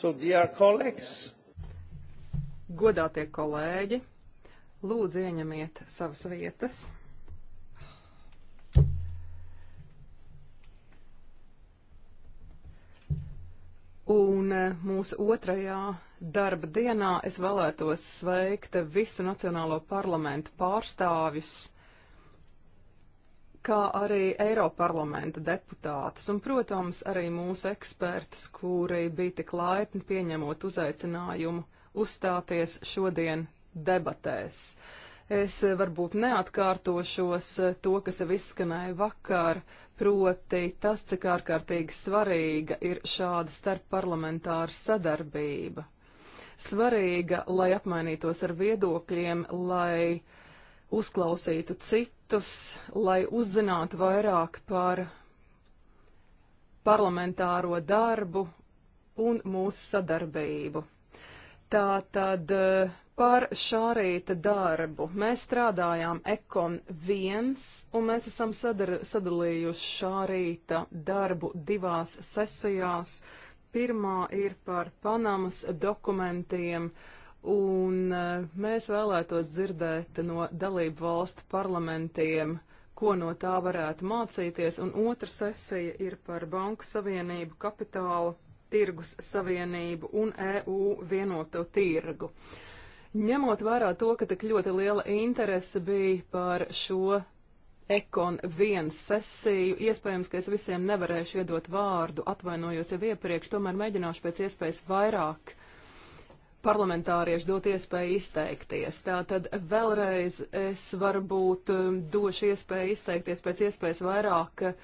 So, dear colleagues, Godātie kolēģi, lūdzu ieņemiet savas vietas. Un eh, mūsu otrajā darba dienā es vēlētos sveikt visu Nacionālo parlamentu pārstāvjus kā arī Eiroparlamenta deputātus un, protams, arī mūsu ekspertus, kuri bija tik laipni pieņemot uzaicinājumu uzstāties šodien debatēs. Es eh, varbūt neatkārtošos eh, to, kas jau izskanēja vakar, proti tas, cik ārkārtīgi svarīga ir šāda starpparlamentāra sadarbība. Svarīga, lai apmainītos ar viedokļiem, lai uzklausītu citu datus, lai uzzinātu vairāk par parlamentāro darbu un mūsu sadarbību. Tā tad eh, par šā rīta darbu. Mēs strādājām Ekon 1, un mēs esam sadar, sadalījuši šā rīta darbu divās sesijās. Pirmā ir par Panamas dokumentiem, uh, Un eh, mēs vēlētos dzirdēt no dalību valstu parlamentiem, ko no tā varētu mācīties. Un otra sesija ir par Banku Savienību, Kapitālu, Tirgus Savienību un EU vienoto tirgu. Ņemot vērā to, ka tik ļoti liela interese bija par šo Ekon viens sesiju, iespējams, ka es visiem nevarēšu iedot vārdu, atvainojos jau iepriekš, tomēr mēģināšu pēc iespējas vairāk parlamentārieši dot iespēju izteikties. Tātad vēlreiz es varbūt um, došu iespēju izteikties pēc iespējas vairāk uh,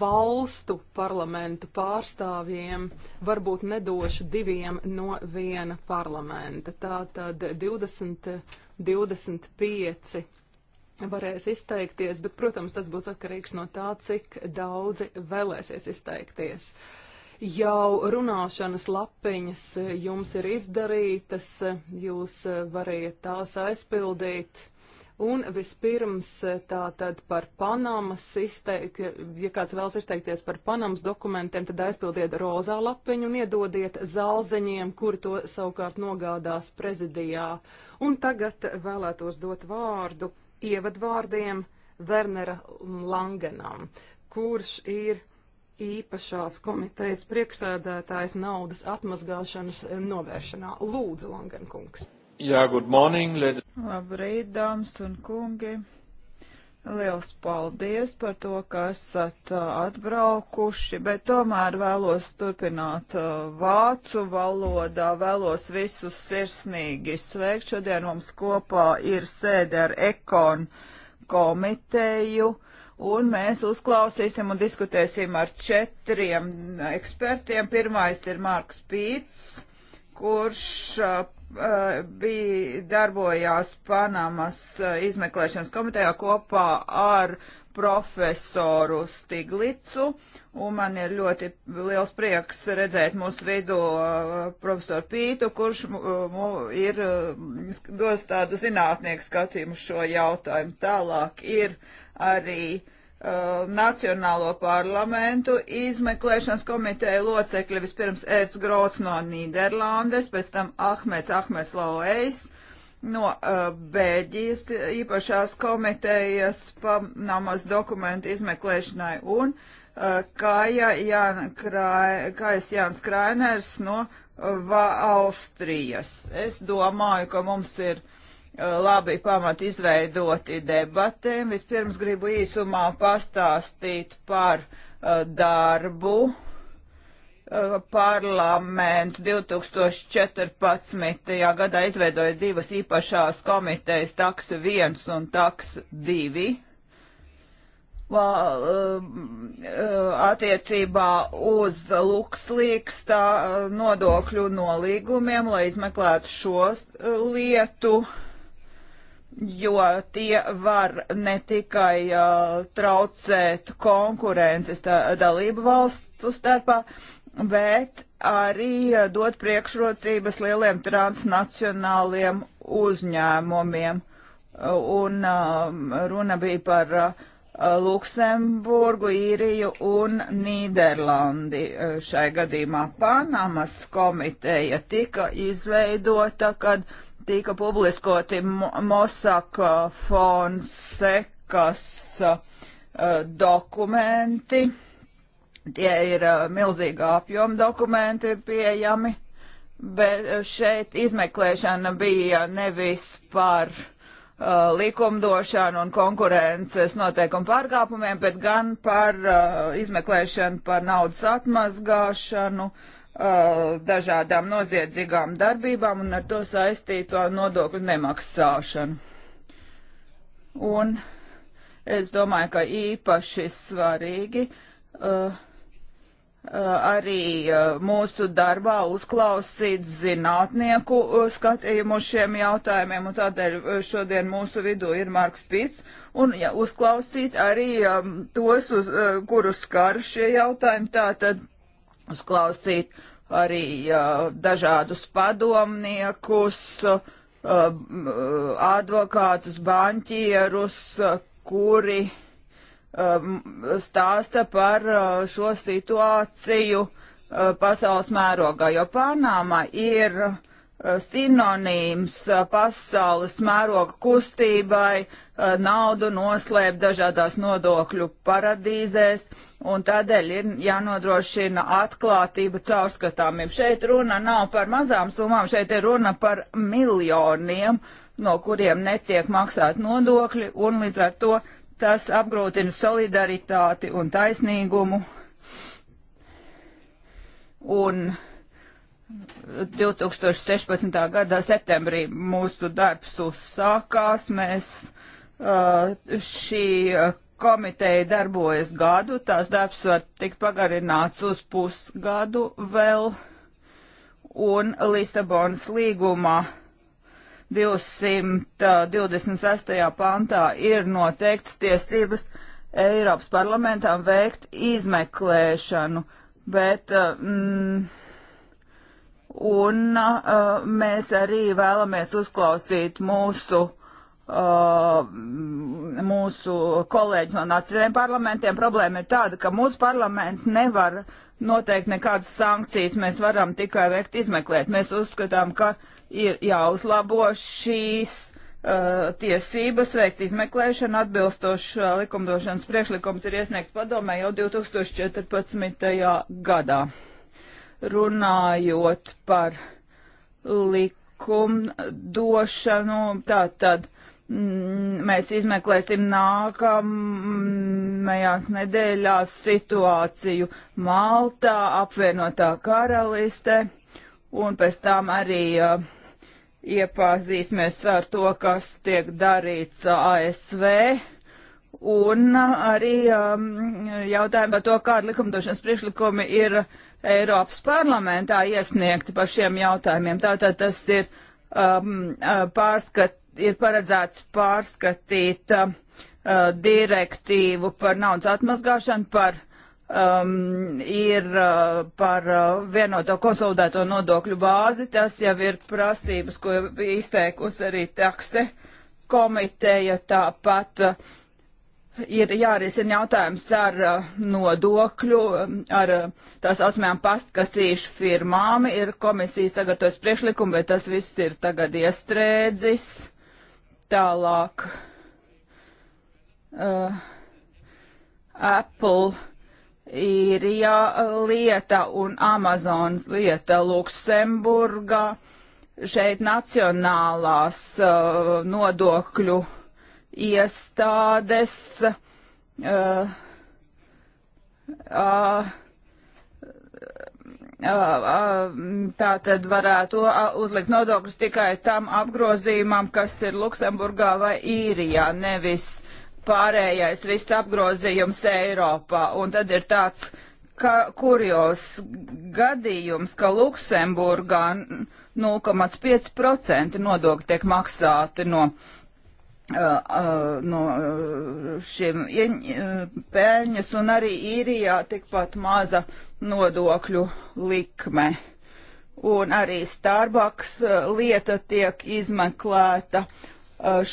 valstu parlamentu pārstāvjiem, varbūt nedošu diviem no viena parlamenta. Tātad 20, 25 varēs izteikties, bet, protams, tas būs atkarīgs no tā, cik daudzi vēlēsies izteikties. Uh, jau runāšanas lapiņas eh, jums ir izdarītas, eh, jūs eh, variet tās aizpildīt. Un vispirms tātad par Panamas izteikt, ja kāds vēlas izteikties par Panamas dokumentiem, tad aizpildiet rozā lapiņu un iedodiet zālzeņiem, kuri to savukārt nogādās prezidijā. Un tagad vēlētos dot vārdu ievadvārdiem Wernera Langenam, kurš ir īpašās komitejas priekšsēdētājs naudas atmazgāšanas eh, novēršanā. Lūdzu, Langenkungs. Jā, good morning, ladies. Labrīt, dāmas un kungi. Liels paldies par to, ka esat eh, atbraukuši, bet tomēr vēlos turpināt eh, vācu valodā, vēlos visus sirsnīgi sveikt. Šodien mums kopā ir sēde ar ekonu komiteju. Uh, Un mēs uzklausīsim un diskutēsim ar četriem ekspertiem. Pirmais ir Marks Pīts, kurš uh, bija darbojās Panamas izmeklēšanas komitejā kopā ar profesoru Stiglicu, un man ir ļoti liels prieks redzēt mūsu vidu profesoru Pītu, kurš ir dos tādu zinātnieku skatījumu šo jautājumu. Tālāk ir arī uh, Uh, Nacionālo parlamentu izmeklēšanas komiteja locekļi vispirms Eds Grots no Nīderlandes, pēc tam Ahmeds Ahmeds Lauejs no uh, Bēģijas īpašās komitejas Panamas dokumentu izmeklēšanai un uh, Kāja Jāna Krāj, Kājas Jāns Krainers no uh, Austrijas. Es domāju, ka mums ir uh, labi pamati izveidoti debatēm. Vispirms gribu īsumā pastāstīt par uh, darbu. Uh, parlaments 2014. gadā izveidoja divas īpašās komitejas, taks 1 un taks 2, Vā, um, uh, attiecībā uz lukslīgs uh, nodokļu nolīgumiem, lai izmeklētu šo uh, lietu. Uh, jo tie var ne tikai uh, traucēt konkurences dalību valstu starpā, bet arī uh, dot priekšrocības lieliem transnacionāliem uzņēmumiem. Uh, un um, runa bija par uh, Luksemburgu, Īriju un Nīderlandi. Uh, šai gadījumā Panamas komiteja tika izveidota, kad tika publiskoti Mosaka Fonsekas uh, dokumenti. Tie ir uh, milzīga apjoma dokumenti pieejami, bet uh, šeit izmeklēšana bija nevis par Uh, likumdošanu un konkurences noteikumu pārkāpumiem, bet gan par uh, izmeklēšanu par naudas atmazgāšanu, Uh, dažādām noziedzīgām darbībām un ar to saistīto nodokļu nemaksāšanu. Un es domāju, ka īpaši svarīgi uh, uh arī uh, mūsu darbā uzklausīt zinātnieku skatījumu uz šiem jautājumiem, un tādēļ šodien mūsu vidū ir Marks Pits, un ja, uzklausīt arī um, tos, uz, kurus skar šie jautājumi, tātad uzklausīt arī uh, dažādus padomniekus, uh, advokātus, banķierus, uh, kuri um, stāsta par uh, šo situāciju uh, pasaules mērogā, jo Panāma ir uh, Eh, sinonīms eh, pasaules mēroga kustībai, eh, naudu noslēp dažādās nodokļu paradīzēs, un tādēļ ir jānodrošina atklātība caurskatāmība. Šeit runa nav par mazām summām, šeit ir runa par miljoniem, no kuriem netiek maksāt nodokļi, un līdz ar to tas apgrūtina solidaritāti un taisnīgumu. Un uh, 2016. gada septembrī mūsu darbs uzsākās. Mēs uh, šī komiteja darbojas gadu, tās darbs var tikt pagarināts uz pusgadu vēl, un Lisabonas līgumā 226. Uh, pantā ir noteikts tiesības Eiropas parlamentam veikt izmeklēšanu, bet uh, mm, un uh, mēs arī vēlamies uzklausīt mūsu Uh, mūsu kolēģis no nacionālajiem parlamentiem. Problēma ir tāda, ka mūsu parlaments nevar noteikt nekādas sankcijas, mēs varam tikai veikt izmeklēt. Mēs uzskatām, ka ir jāuzlabo šīs uh, tiesības veikt izmeklēšanu atbilstoši uh, likumdošanas priekšlikums ir iesniegts padomē jau 2014. gadā runājot par likumdošanu, tātad mm, mēs izmeklēsim nākamajās nedēļās situāciju Maltā, apvienotā karaliste, un pēc tam arī uh, iepazīsimies ar to, kas tiek darīts ASV Un uh, arī um, jautājumi par to, kāda likumdošanas priekšlikumi ir Eiropas parlamentā iesniegti par šiem jautājumiem. Tātad tas ir, um, uh, pārskat, ir paredzēts pārskatīt uh, direktīvu par naudas atmazgāšanu, par um, ir uh, par uh, vienoto konsolidēto nodokļu bāzi. Tas jau ir prasības, ko bija izteikusi arī takse komiteja, tāpat uh, ir jārisina jautājums ar uh, nodokļu, um, ar uh, tā saucamajām pastkasīšu firmām. Ir komisijas sagatavojas priekšlikumu, bet tas viss ir tagad iestrēdzis. Tālāk. Uh, Apple īrijā lieta un Amazonas lieta Luksemburgā. Šeit nacionālās uh, nodokļu uh, iestādes uh, uh, tā tad varētu uzlikt nodokļus tikai tam apgrozījumam, kas ir Luksemburgā vai Īrijā, nevis pārējais viss apgrozījums Eiropā. Un tad ir tāds ka, kurjos gadījums, ka Luksemburgā 0,5% nodokļi tiek maksāti no uh, no šiem pēļņas, un arī īrijā tikpat maza nodokļu likme. Un arī Starbucks lieta tiek izmeklēta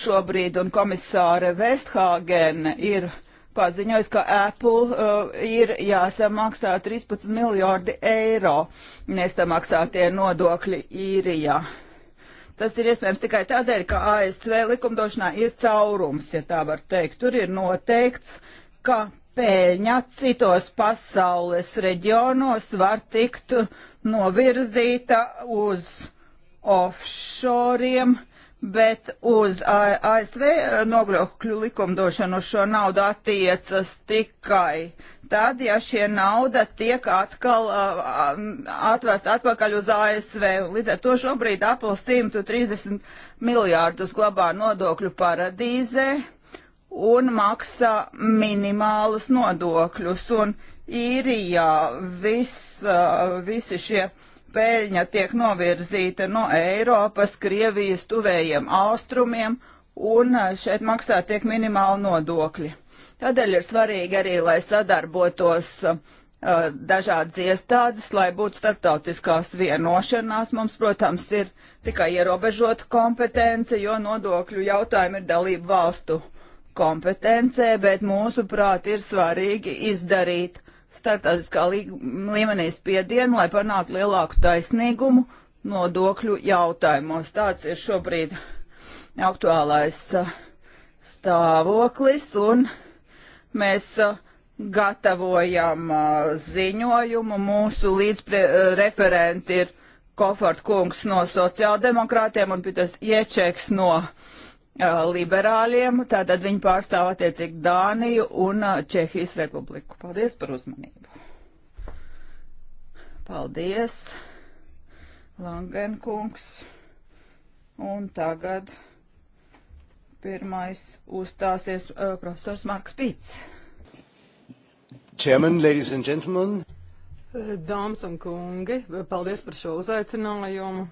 šobrīd, un komisāre Vesthāgene ir paziņojusi, ka Apple uh, ir jāsamaksā 13 miljārdi eiro nesamaksātie nodokļi īrijā. Ja Tas ir iespējams tikai tādēļ, ka ASV likumdošanā ir caurums, ja tā var teikt. Tur ir noteikts, ka pēļņa citos pasaules reģionos var tikt novirzīta uz offshoriem bet uz ASV eh, nogļokļu likumdošanu šo naudu attiecas tikai tad, ja šie nauda tiek atkal uh, eh, atvest atpakaļ uz ASV. Līdz ar to šobrīd Apple 130 miljārdus glabā nodokļu paradīzē un maksā minimālus nodokļus. Un īrijā vis, uh, visi šie uh, peļņa tiek novirzīta no Eiropas, Krievijas tuvējiem austrumiem, un eh, šeit maksā tiek minimāli nodokļi. Tādēļ ir svarīgi arī, lai sadarbotos uh, dažādas iestādes, lai būtu starptautiskās vienošanās. Mums, protams, ir tikai ierobežota kompetence, jo nodokļu jautājumi ir dalību valstu kompetencē, bet mūsuprāt ir svarīgi izdarīt starptautiskā līmenī spiedienu, lai panāktu lielāku taisnīgumu nodokļu jautājumos. Tāds ir šobrīd aktuālais stāvoklis, un mēs gatavojam ziņojumu. Mūsu līdzreferenti ir Kofort kungs no sociāldemokrātiem un Piters Iečeks no uh, liberāļiem, tātad viņi pārstāv attiecīgi Dāniju un Čehijas republiku. Paldies par uzmanību. Paldies, Langenkungs. Un tagad pirmais uzstāsies uh, profesors Marks Pīts. Chairman, ladies and gentlemen. Dāmas un kungi, paldies par šo uzaicinājumu.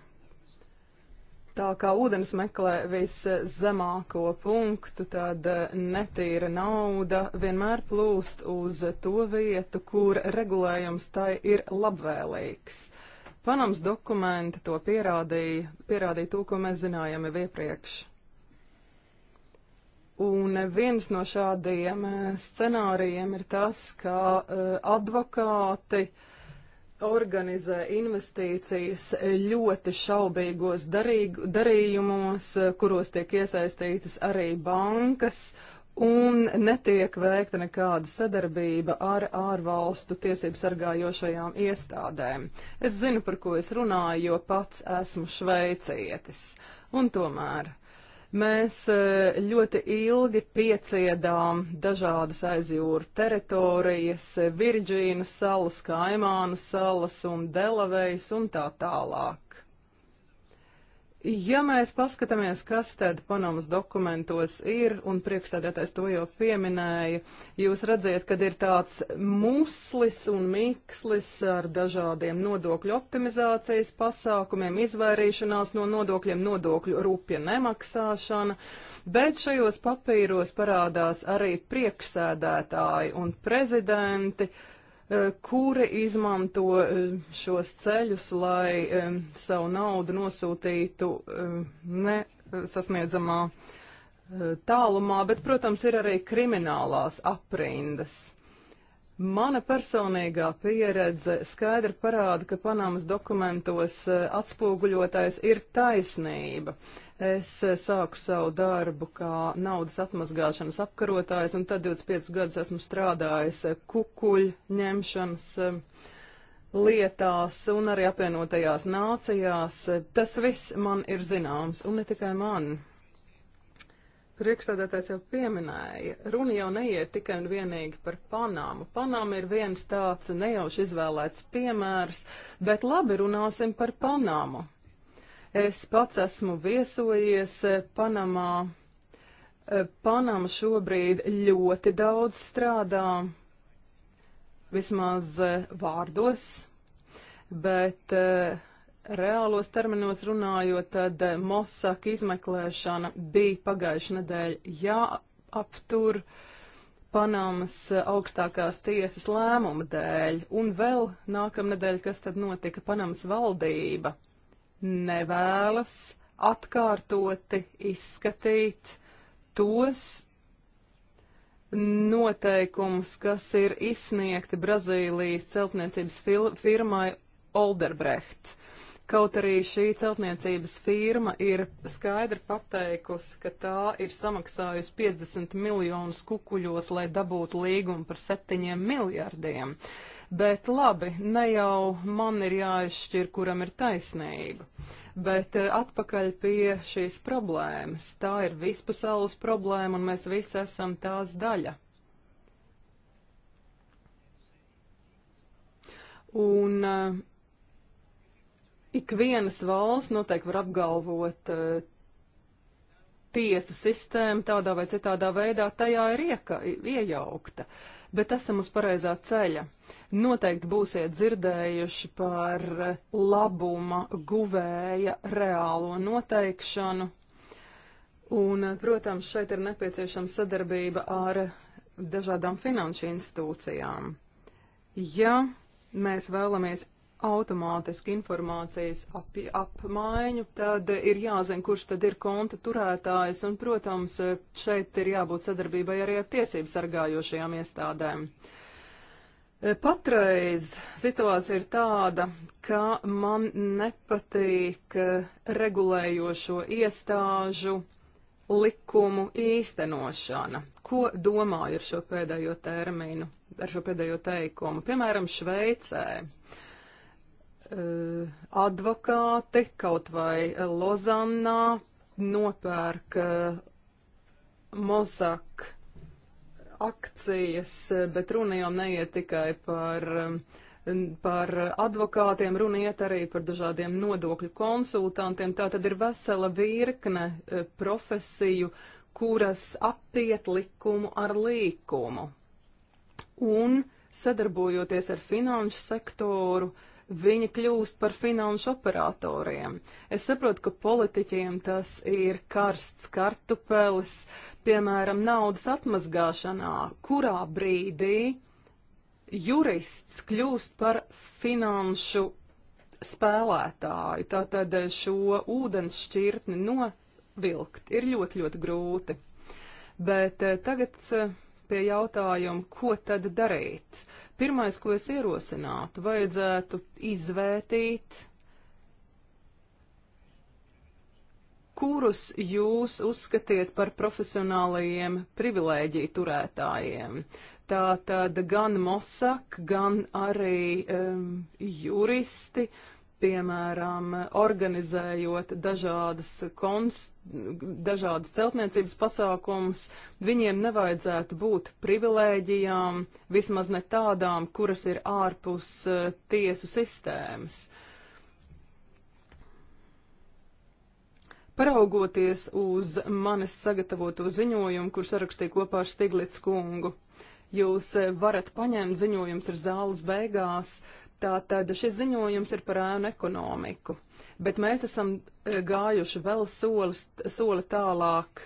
Tā kā ūdens meklē viszemāko punktu, tad eh, netīra nauda vienmēr plūst uz to vietu, kur regulējums tai ir labvēlīgs. Panams dokumenti to pierādīja, pierādīja to, ko mēs zinājām jau iepriekš. Un viens no šādiem eh, scenārijiem ir tas, ka uh, advokāti uh, organizē investīcijas ļoti šaubīgos darīgu, darījumos, kuros tiek iesaistītas arī bankas, un netiek veikta nekāda sadarbība ar ārvalstu tiesību sargājošajām iestādēm. Es zinu, par ko es runāju, jo pats esmu šveicietis. Un tomēr Mēs e, ļoti ilgi pieciedām dažādas aizjūra teritorijas, e, Virģīnas salas, Kaimānas salas un Delavejas un tā tālāk. Ja mēs paskatāmies, kas tad Panamas dokumentos ir, un priekšstādātais to jau pieminēja, jūs redziet, kad ir tāds muslis un mikslis ar dažādiem nodokļu optimizācijas pasākumiem, izvairīšanās no nodokļiem, nodokļu rupja nemaksāšana, bet šajos papīros parādās arī priekšsēdētāji un prezidenti, uh, Eh, kuri izmanto eh, šos ceļus, lai eh, savu naudu nosūtītu nesasniedzamā tālumā, bet, protams, ir arī kriminālās aprindas. Mana personīgā pieredze skaidri parāda, ka Panamas dokumentos e, atspoguļotais ir taisnība. Es e, sāku savu darbu kā naudas atmazgāšanas apkarotājs, un tad 25 gadus esmu strādājis e, kukuļu ņemšanas lietās un arī apvienotajās nācijās. Tas viss man ir zināms, un ne tikai man. Priekšsēdētājs jau pieminēja, runa jau neiet tikai un vienīgi par Panāmu. Panāma ir viens tāds nejauši izvēlēts piemērs, bet labi runāsim par Panāmu. Es pats esmu viesojies eh, Panamā. Eh, Panama šobrīd ļoti daudz strādā, vismaz eh, vārdos, bet uh, Reālos terminos runājot, tad eh, Mosaka izmeklēšana bija pagājušā nedēļa jāaptur Panamas eh, augstākās tiesas lēmuma dēļ, un vēl nākamnedēļ, kas tad notika, Panamas valdība nevēlas atkārtoti izskatīt tos noteikumus, kas ir izsniegti Brazīlijas celtniecības firmai Olderbrechts. Kaut arī šī celtniecības firma ir skaidri pateikusi, ka tā ir samaksājusi 50 miljonus kukuļos, lai dabūtu līgumu par 7 miljardiem. Bet labi, ne jau man ir jāizšķir, kuram ir taisnība. Bet eh, atpakaļ pie šīs problēmas. Tā ir vispasaules problēma, un mēs visi esam tās daļa. Un uh, ik vienas valsts noteikti var apgalvot uh, tiesu sistēmu tādā vai citādā veidā tajā ir ieka, iejaukta, bet esam uz pareizā ceļa. Noteikti būsiet dzirdējuši par eh, labuma guvēja reālo noteikšanu, un, eh, protams, šeit ir nepieciešama sadarbība ar dažādām finanšu institūcijām. Ja mēs vēlamies automātisku informācijas ap, apmaiņu, tad ir jāzina, kurš tad ir konta turētājs, un, protams, šeit ir jābūt sadarbībai arī ar tiesību sargājošajām iestādēm. Patreiz situācija ir tāda, ka man nepatīk regulējošo iestāžu likumu īstenošana. Ko domāju ar šo pēdējo terminu, ar šo pēdējo teikumu? Piemēram, Šveicē Eh, advokāti kaut vai Lozannā nopērk eh, mozak akcijas, eh, bet runa jau neiet tikai par par advokātiem, runa iet arī par dažādiem nodokļu konsultantiem. Tā tad ir vesela virkne profesiju, kuras apiet likumu ar līkumu. Un sadarbojoties ar finanšu sektoru, uh, viņi kļūst par finanšu operatoriem. Es saprotu, ka politiķiem tas ir karsts kartupelis, piemēram, naudas atmazgāšanā, kurā brīdī jurists kļūst par finanšu spēlētāju. Tātad šo ūdens šķirtni novilkt ir ļoti, ļoti grūti. Bet eh, tagad eh, pie jautājuma, ko tad darīt. Pirmais, ko es ierosinātu, vajadzētu izvērtīt, kurus jūs uzskatiet par profesionālajiem privilēģiju turētājiem. Tā tad gan Mosak, gan arī um, juristi, uh, piemēram, organizējot dažādas, konst, dažādas celtniecības pasākumus, viņiem nevajadzētu būt privilēģijām, vismaz ne tādām, kuras ir ārpus uh, tiesu sistēmas. Paraugoties uz manis sagatavoto ziņojumu, kur sarakstīju kopā ar Stiglitz kungu, jūs eh, varat paņemt ziņojums ar zāles beigās, uh, Tātad šis ziņojums ir par ēnu ekonomiku, bet mēs esam e, gājuši vēl soli, soli tālāk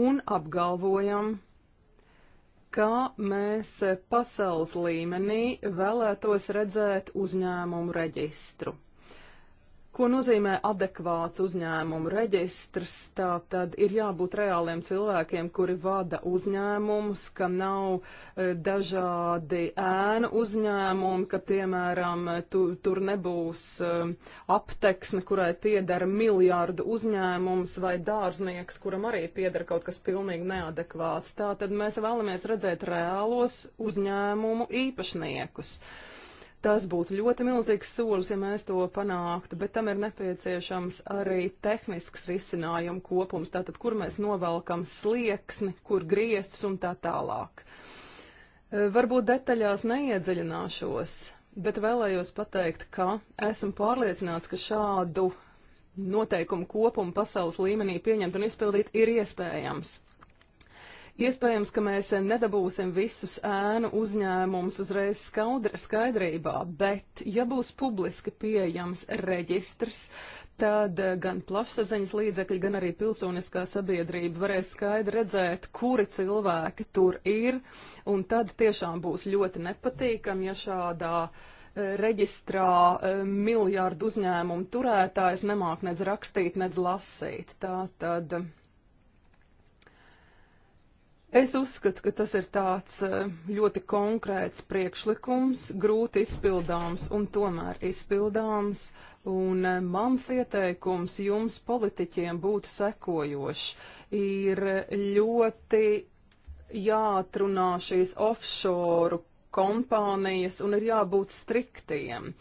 un apgalvojam, kā mēs pasaules līmenī vēlētos redzēt uzņēmumu reģistru. Ko nozīmē adekvāts uzņēmumu reģistrs? Tā tad ir jābūt reāliem cilvēkiem, kuri vada uzņēmumus, ka nav e, dažādi ēnu uzņēmumi, ka, piemēram, tu, tur nebūs e, apteksne, kurai piedara miljārdu uzņēmums vai dārznieks, kuram arī piedara kaut kas pilnīgi neadekvāts. Tā tad mēs vēlamies redzēt reālos uzņēmumu īpašniekus. Uh, Tas būtu ļoti milzīgs solis, ja mēs to panāktu, bet tam ir nepieciešams arī tehnisks risinājumu kopums, tātad kur mēs novelkam slieksni, kur griestus un tā tālāk. E, varbūt detaļās neiedziļināšos, bet vēlējos pateikt, ka esmu pārliecināts, ka šādu noteikumu kopumu pasaules līmenī pieņemt un izpildīt ir iespējams. Iespējams, ka mēs nedabūsim visus ēnu uzņēmumus uzreiz skaudr, skaidrībā, bet ja būs publiski pieejams reģistrs, tad gan plašsaziņas līdzekļi, gan arī pilsoniskā sabiedrība varēs skaidri redzēt, kuri cilvēki tur ir, un tad tiešām būs ļoti nepatīkam, ja šādā eh, reģistrā eh, miljārdu uzņēmumu turētājs nemāk nedz rakstīt, nedz lasīt. Tā tad. Es uzskatu, ka tas ir tāds eh, ļoti konkrēts priekšlikums, grūti izpildāms un tomēr izpildāms. Un eh, mans ieteikums jums, politiķiem, būtu sekojošs. Ir ļoti jāatrunā šīs offshore kompānijas un ir jābūt striktiem.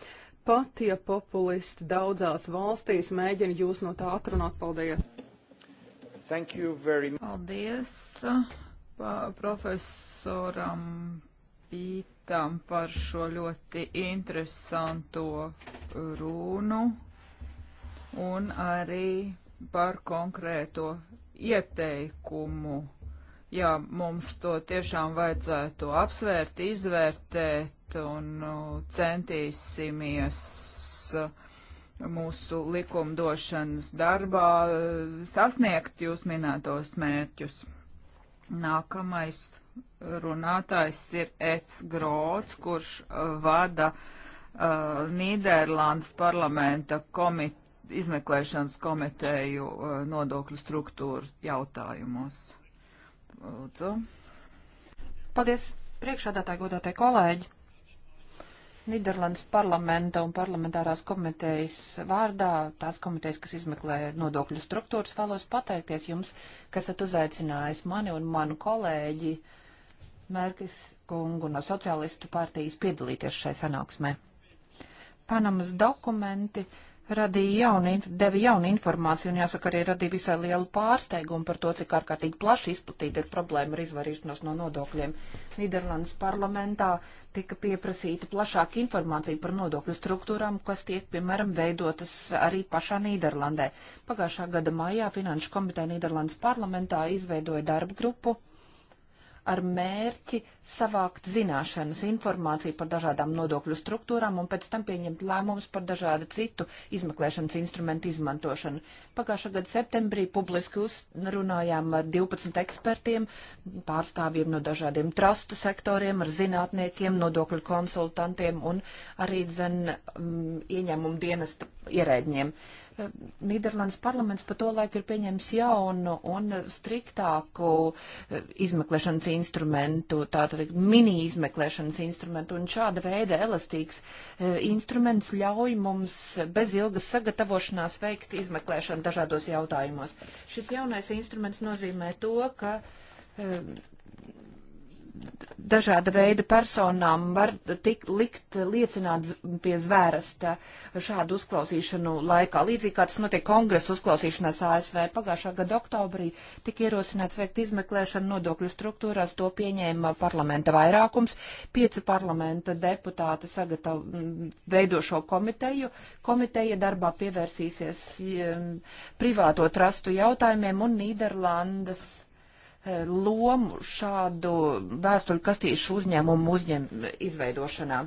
Pat ja populisti daudzās valstīs mēģina jūs no tā atrunāt, paldies! Thank you very much. Paldies profesoram Pītam par šo ļoti interesanto runu un arī par konkrēto ieteikumu. Jā, mums to tiešām vajadzētu apsvērt, izvērtēt un nu, centīsimies uh, mūsu likumdošanas darbā uh, sasniegt jūs minētos mērķus. Nākamais runātājs ir Eds Grots, kurš vada uh, Nīderlandes parlamenta komit izmeklēšanas komiteju uh, nodokļu struktūru jautājumos. Lūdzu. Paldies, priekšādātāji, godātie kolēģi. Niderlandes parlamenta un parlamentārās komitejas vārdā, tās komitejas, kas izmeklē nodokļu struktūras, vēlos pateikties jums, kas esat uzaicinājis mani un manu kolēģi Mērkis kungu no Socialistu partijas piedalīties šai sanāksmē. Panamas dokumenti. Uh, radīja jaunu, deva jaunu informāciju un jāsaka arī radīja visai lielu pārsteigumu par to, cik ārkārtīgi plaši izplatīta ir problēma ar izvarīšanos no nodokļiem. Nīderlandes parlamentā tika pieprasīta plašāka informācija par nodokļu struktūrām, kas tiek, piemēram, veidotas arī pašā Nīderlandē. Pagājušā gada maijā Finanšu komiteja Nīderlandes parlamentā izveidoja darba grupu ar mērķi savākt zināšanas, informāciju par dažādām nodokļu struktūrām un pēc tam pieņemt lēmumus par dažādu citu izmeklēšanas instrumentu izmantošanu. Pagājušā gada septembrī publiski uzrunājām ar 12 ekspertiem, pārstāvjiem no dažādiem trustu sektoriem, ar zinātniekiem, nodokļu konsultantiem un arī zen um, mm, ieņēmumu dienestu ierēģiem. Uh, Nīderlandes parlaments pa to laiku ir pieņēmis jaunu un striktāku e, izmeklēšanas instrumentu, tātad mini izmeklēšanas instrumentu, un šāda veida elastīgs e, instruments ļauj mums bez ilgas sagatavošanās veikt izmeklēšanu dažādos jautājumos. Šis jaunais instruments nozīmē to, ka e, dažāda veida personām var tik likt liecināt pie zvērsta šādu uzklausīšanu laikā. Līdzīgi kā tas notiek kongresa uzklausīšanās ASV pagājušā gada oktobrī, tika ierosināts veikt izmeklēšanu nodokļu struktūrās, to pieņēma parlamenta vairākums, pieci parlamenta deputāti sagatav mm, veidošo komiteju. Komiteja darbā pievērsīsies mm, privāto trastu jautājumiem un Nīderlandes lomu šādu vēstuļu kastīšu uzņēmumu uzņem izveidošanā.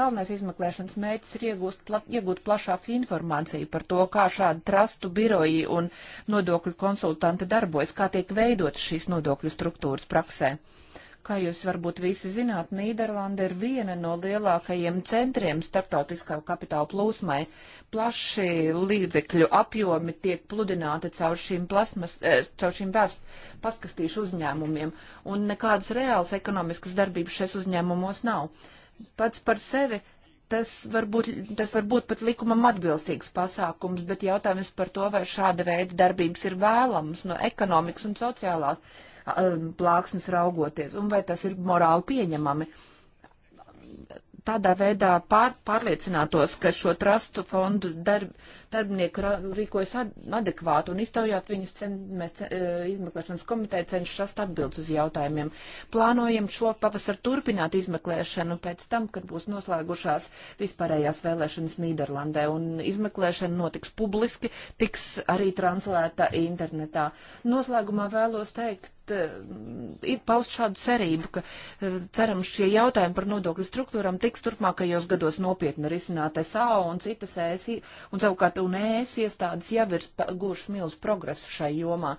Galvenais izmeklēšanas mērķis ir iegūst, pla, iegūt plašāku informāciju par to, kā šādi trastu biroji un nodokļu konsultanti darbojas, kā tiek veidot šīs nodokļu struktūras praksē. Kā jūs varbūt visi zināt, Nīderlanda ir viena no lielākajiem centriem starptautiskā kapitāla plūsmai. Plaši līdzekļu apjomi tiek pludināti caur šīm, plasmas, eh, caur šīm vērst paskastīšu uzņēmumiem, un nekādas reāls ekonomiskas darbības šais uzņēmumos nav. Pats par sevi tas varbūt, tas varbūt pat likumam atbilstīgs pasākums, bet jautājums par to, vai šāda veida darbības ir vēlams no ekonomikas un sociālās Um, plāksnes raugoties, un vai tas ir morāli pieņemami. Tādā veidā pār, pārliecinātos, ka šo trustu fondu darb, darbinieku rīkojas ad, adekvāti un iztaujāt viņus, cen, mēs cen, e, izmeklēšanas komiteja cenšas rast atbildes uz jautājumiem. Plānojam šo pavasar turpināt izmeklēšanu pēc tam, kad būs noslēgušās vispārējās vēlēšanas Nīderlandē, un izmeklēšana notiks publiski, tiks arī translēta internetā. Noslēgumā vēlos teikt, Eh, paust šādu cerību, ka eh, cerams šie jautājumi par nodokļu struktūram tiks turpmākajos gados nopietni risināt SAO un citas ES, un savukārt un ES iestādes jau ir gūšas milz progresu šai jomā.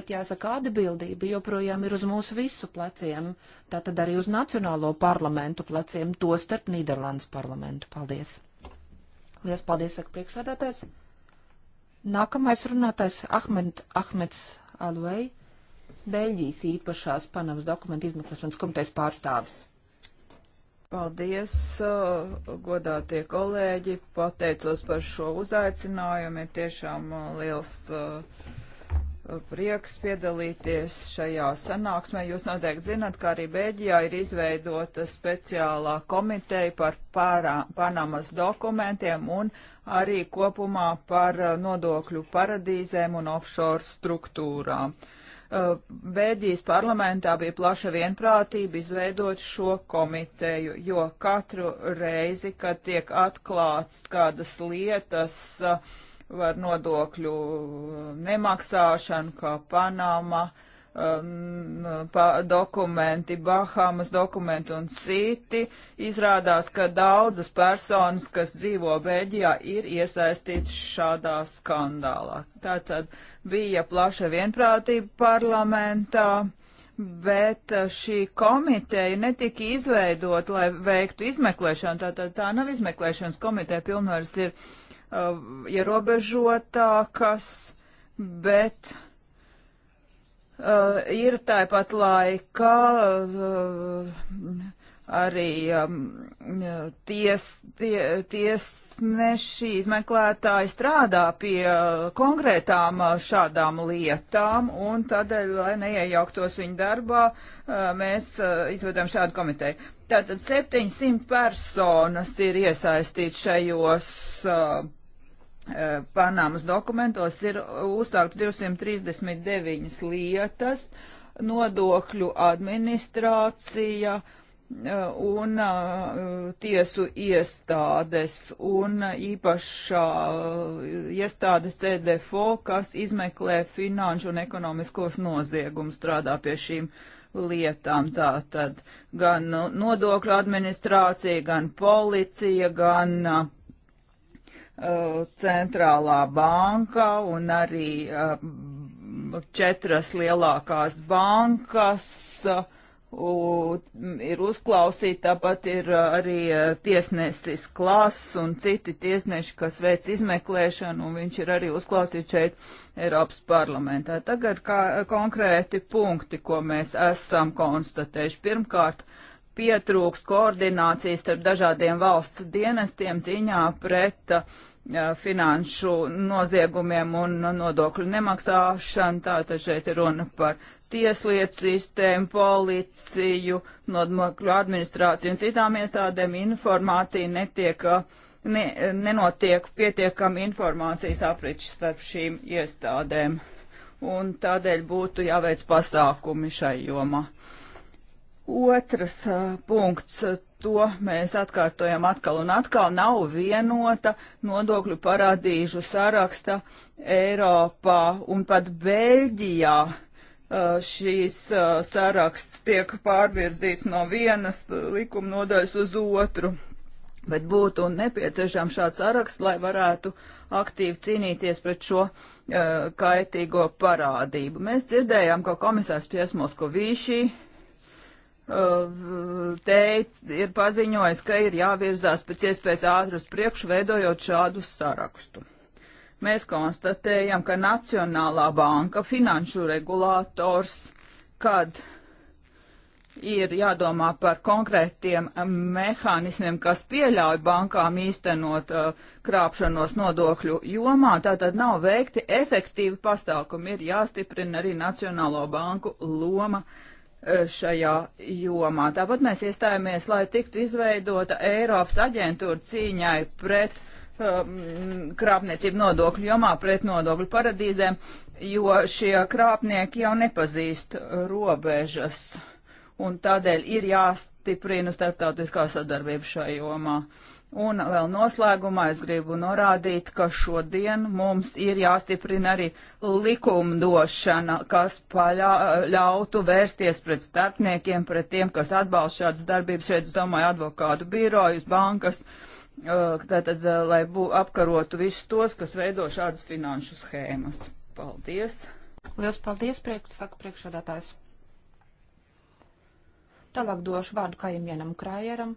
Bet jāsaka, atbildība joprojām ir uz mūsu visu pleciem, tātad arī uz nacionālo parlamentu pleciem, to starp Nīderlandes parlamentu. Paldies! Lielas paldies, saka priekšādātājs. Nākamais runātājs Ahmed, Ahmeds Aluei Beļģijas īpašās Panamas dokumentu izmeklēšanas komitejas pārstāvis. Paldies, uh, godātie kolēģi, pateicos par šo uzaicinājumu. Ir tiešām uh, liels uh, prieks piedalīties šajā sanāksmē. Jūs noteikti zinat, ka arī Bēģijā ir izveidota speciālā komiteja par pārā, Panamas dokumentiem un arī kopumā par nodokļu paradīzēm un offshore struktūrām. Uh, Eh, Bēļģijas parlamentā bija plaša vienprātība izveidot šo komiteju, jo katru reizi, kad tiek atklāts kādas lietas, eh, var nodokļu nemaksāšana, kā Panama, uh, um, dokumenti, Bahamas dokumenti un citi. Izrādās, ka daudzas personas, kas dzīvo Beļģijā, ir iesaistītas šādā skandālā. Tātad bija plaša vienprātība parlamentā. Bet uh, šī komiteja netika izveidot, lai veiktu izmeklēšanu. Tātad tā nav izmeklēšanas komiteja, pilnvaras ir uh, ierobežotākas, bet uh, Uh, ir tāpat laikā uh, eh, arī um, ties, tie, tiesneši izmeklētāji strādā pie uh, konkrētām šādām lietām, un tādēļ, lai neiejauktos viņu darbā, mēs izvedam šādu komiteju. Tātad 700 personas ir iesaistīts šajos uh, Panāmas dokumentos ir uzsākts 239 lietas, nodokļu administrācija e, un e, tiesu iestādes un īpašā iestāde CDFO, kas izmeklē finanšu un ekonomiskos noziegumus, strādā pie šīm lietām. Tātad gan nodokļu administrācija, gan policija, gan uh, Uh, centrālā banka un arī uh, četras lielākās bankas uh, ir uzklausīti, tāpat ir arī tiesnesis klases un citi tiesneši, kas veic izmeklēšanu, un viņš ir arī uzklausīts šeit Eiropas parlamentā. Tagad kā konkrēti punkti, ko mēs esam konstatējuši. Pirmkārt, uh, pietrūkst koordinācijas starp dažādiem valsts dienestiem cīņā pret uh, finanšu noziegumiem un nodokļu nemaksāšanu. Tātad šeit ir runa par tieslietu sistēmu, policiju, nodokļu administrāciju un citām iestādēm. Informācija netiek, uh, ne, nenotiek pietiekami informācijas apriķis starp šīm iestādēm. Un tādēļ būtu jāveic pasākumi šai jomā. Otrs punkts, to mēs atkārtojam atkal un atkal, nav vienota nodokļu parādīžu saraksta Eiropā un pat Beļģijā. Šīs saraksts tiek pārvirzīts no vienas likuma nodaļas uz otru, bet būtu nepieciešams šāds saraksts, lai varētu aktīvi cīnīties pret šo uh, kaitīgo parādību. Mēs dzirdējām, ka komisārs Piesmos Kovīšī uh, teikt, ir paziņojis, ka ir jāvirzās pēc iespējas ātrus priekšu, veidojot šādu sarakstu. Mēs konstatējam, ka Nacionālā banka, finanšu regulators, kad ir jādomā par konkrētiem mehānismiem, kas pieļauj bankām īstenot uh, krāpšanos nodokļu jomā, tātad nav veikti efektīvi pasākumi, ir jāstiprina arī Nacionālo banku loma uh, Eh, šajā jomā. Tāpat mēs iestājāmies, lai tiktu izveidota Eiropas aģentūra cīņai pret um, krāpniecību nodokļu jomā, pret nodokļu paradīzēm, jo šie krāpnieki jau nepazīst robežas. Un tādēļ ir jāstiprina starptautiskā sadarbība šajā jomā. Uh, Un vēl noslēgumā es gribu norādīt, ka šodien mums ir jāstiprina arī likumdošana, kas paļā, ļautu vērsties pret starpniekiem, pret tiem, kas atbalsta šādas darbības. Šeit, es domāju, advokātu birojus, bankas, uh, tātad, uh, lai bū, apkarotu visus tos, kas veido šādas finanšu schēmas. Paldies! Lielas paldies, priekš, saka priekšsādātājs. Tālāk došu vārdu Kajam Janam Krājeram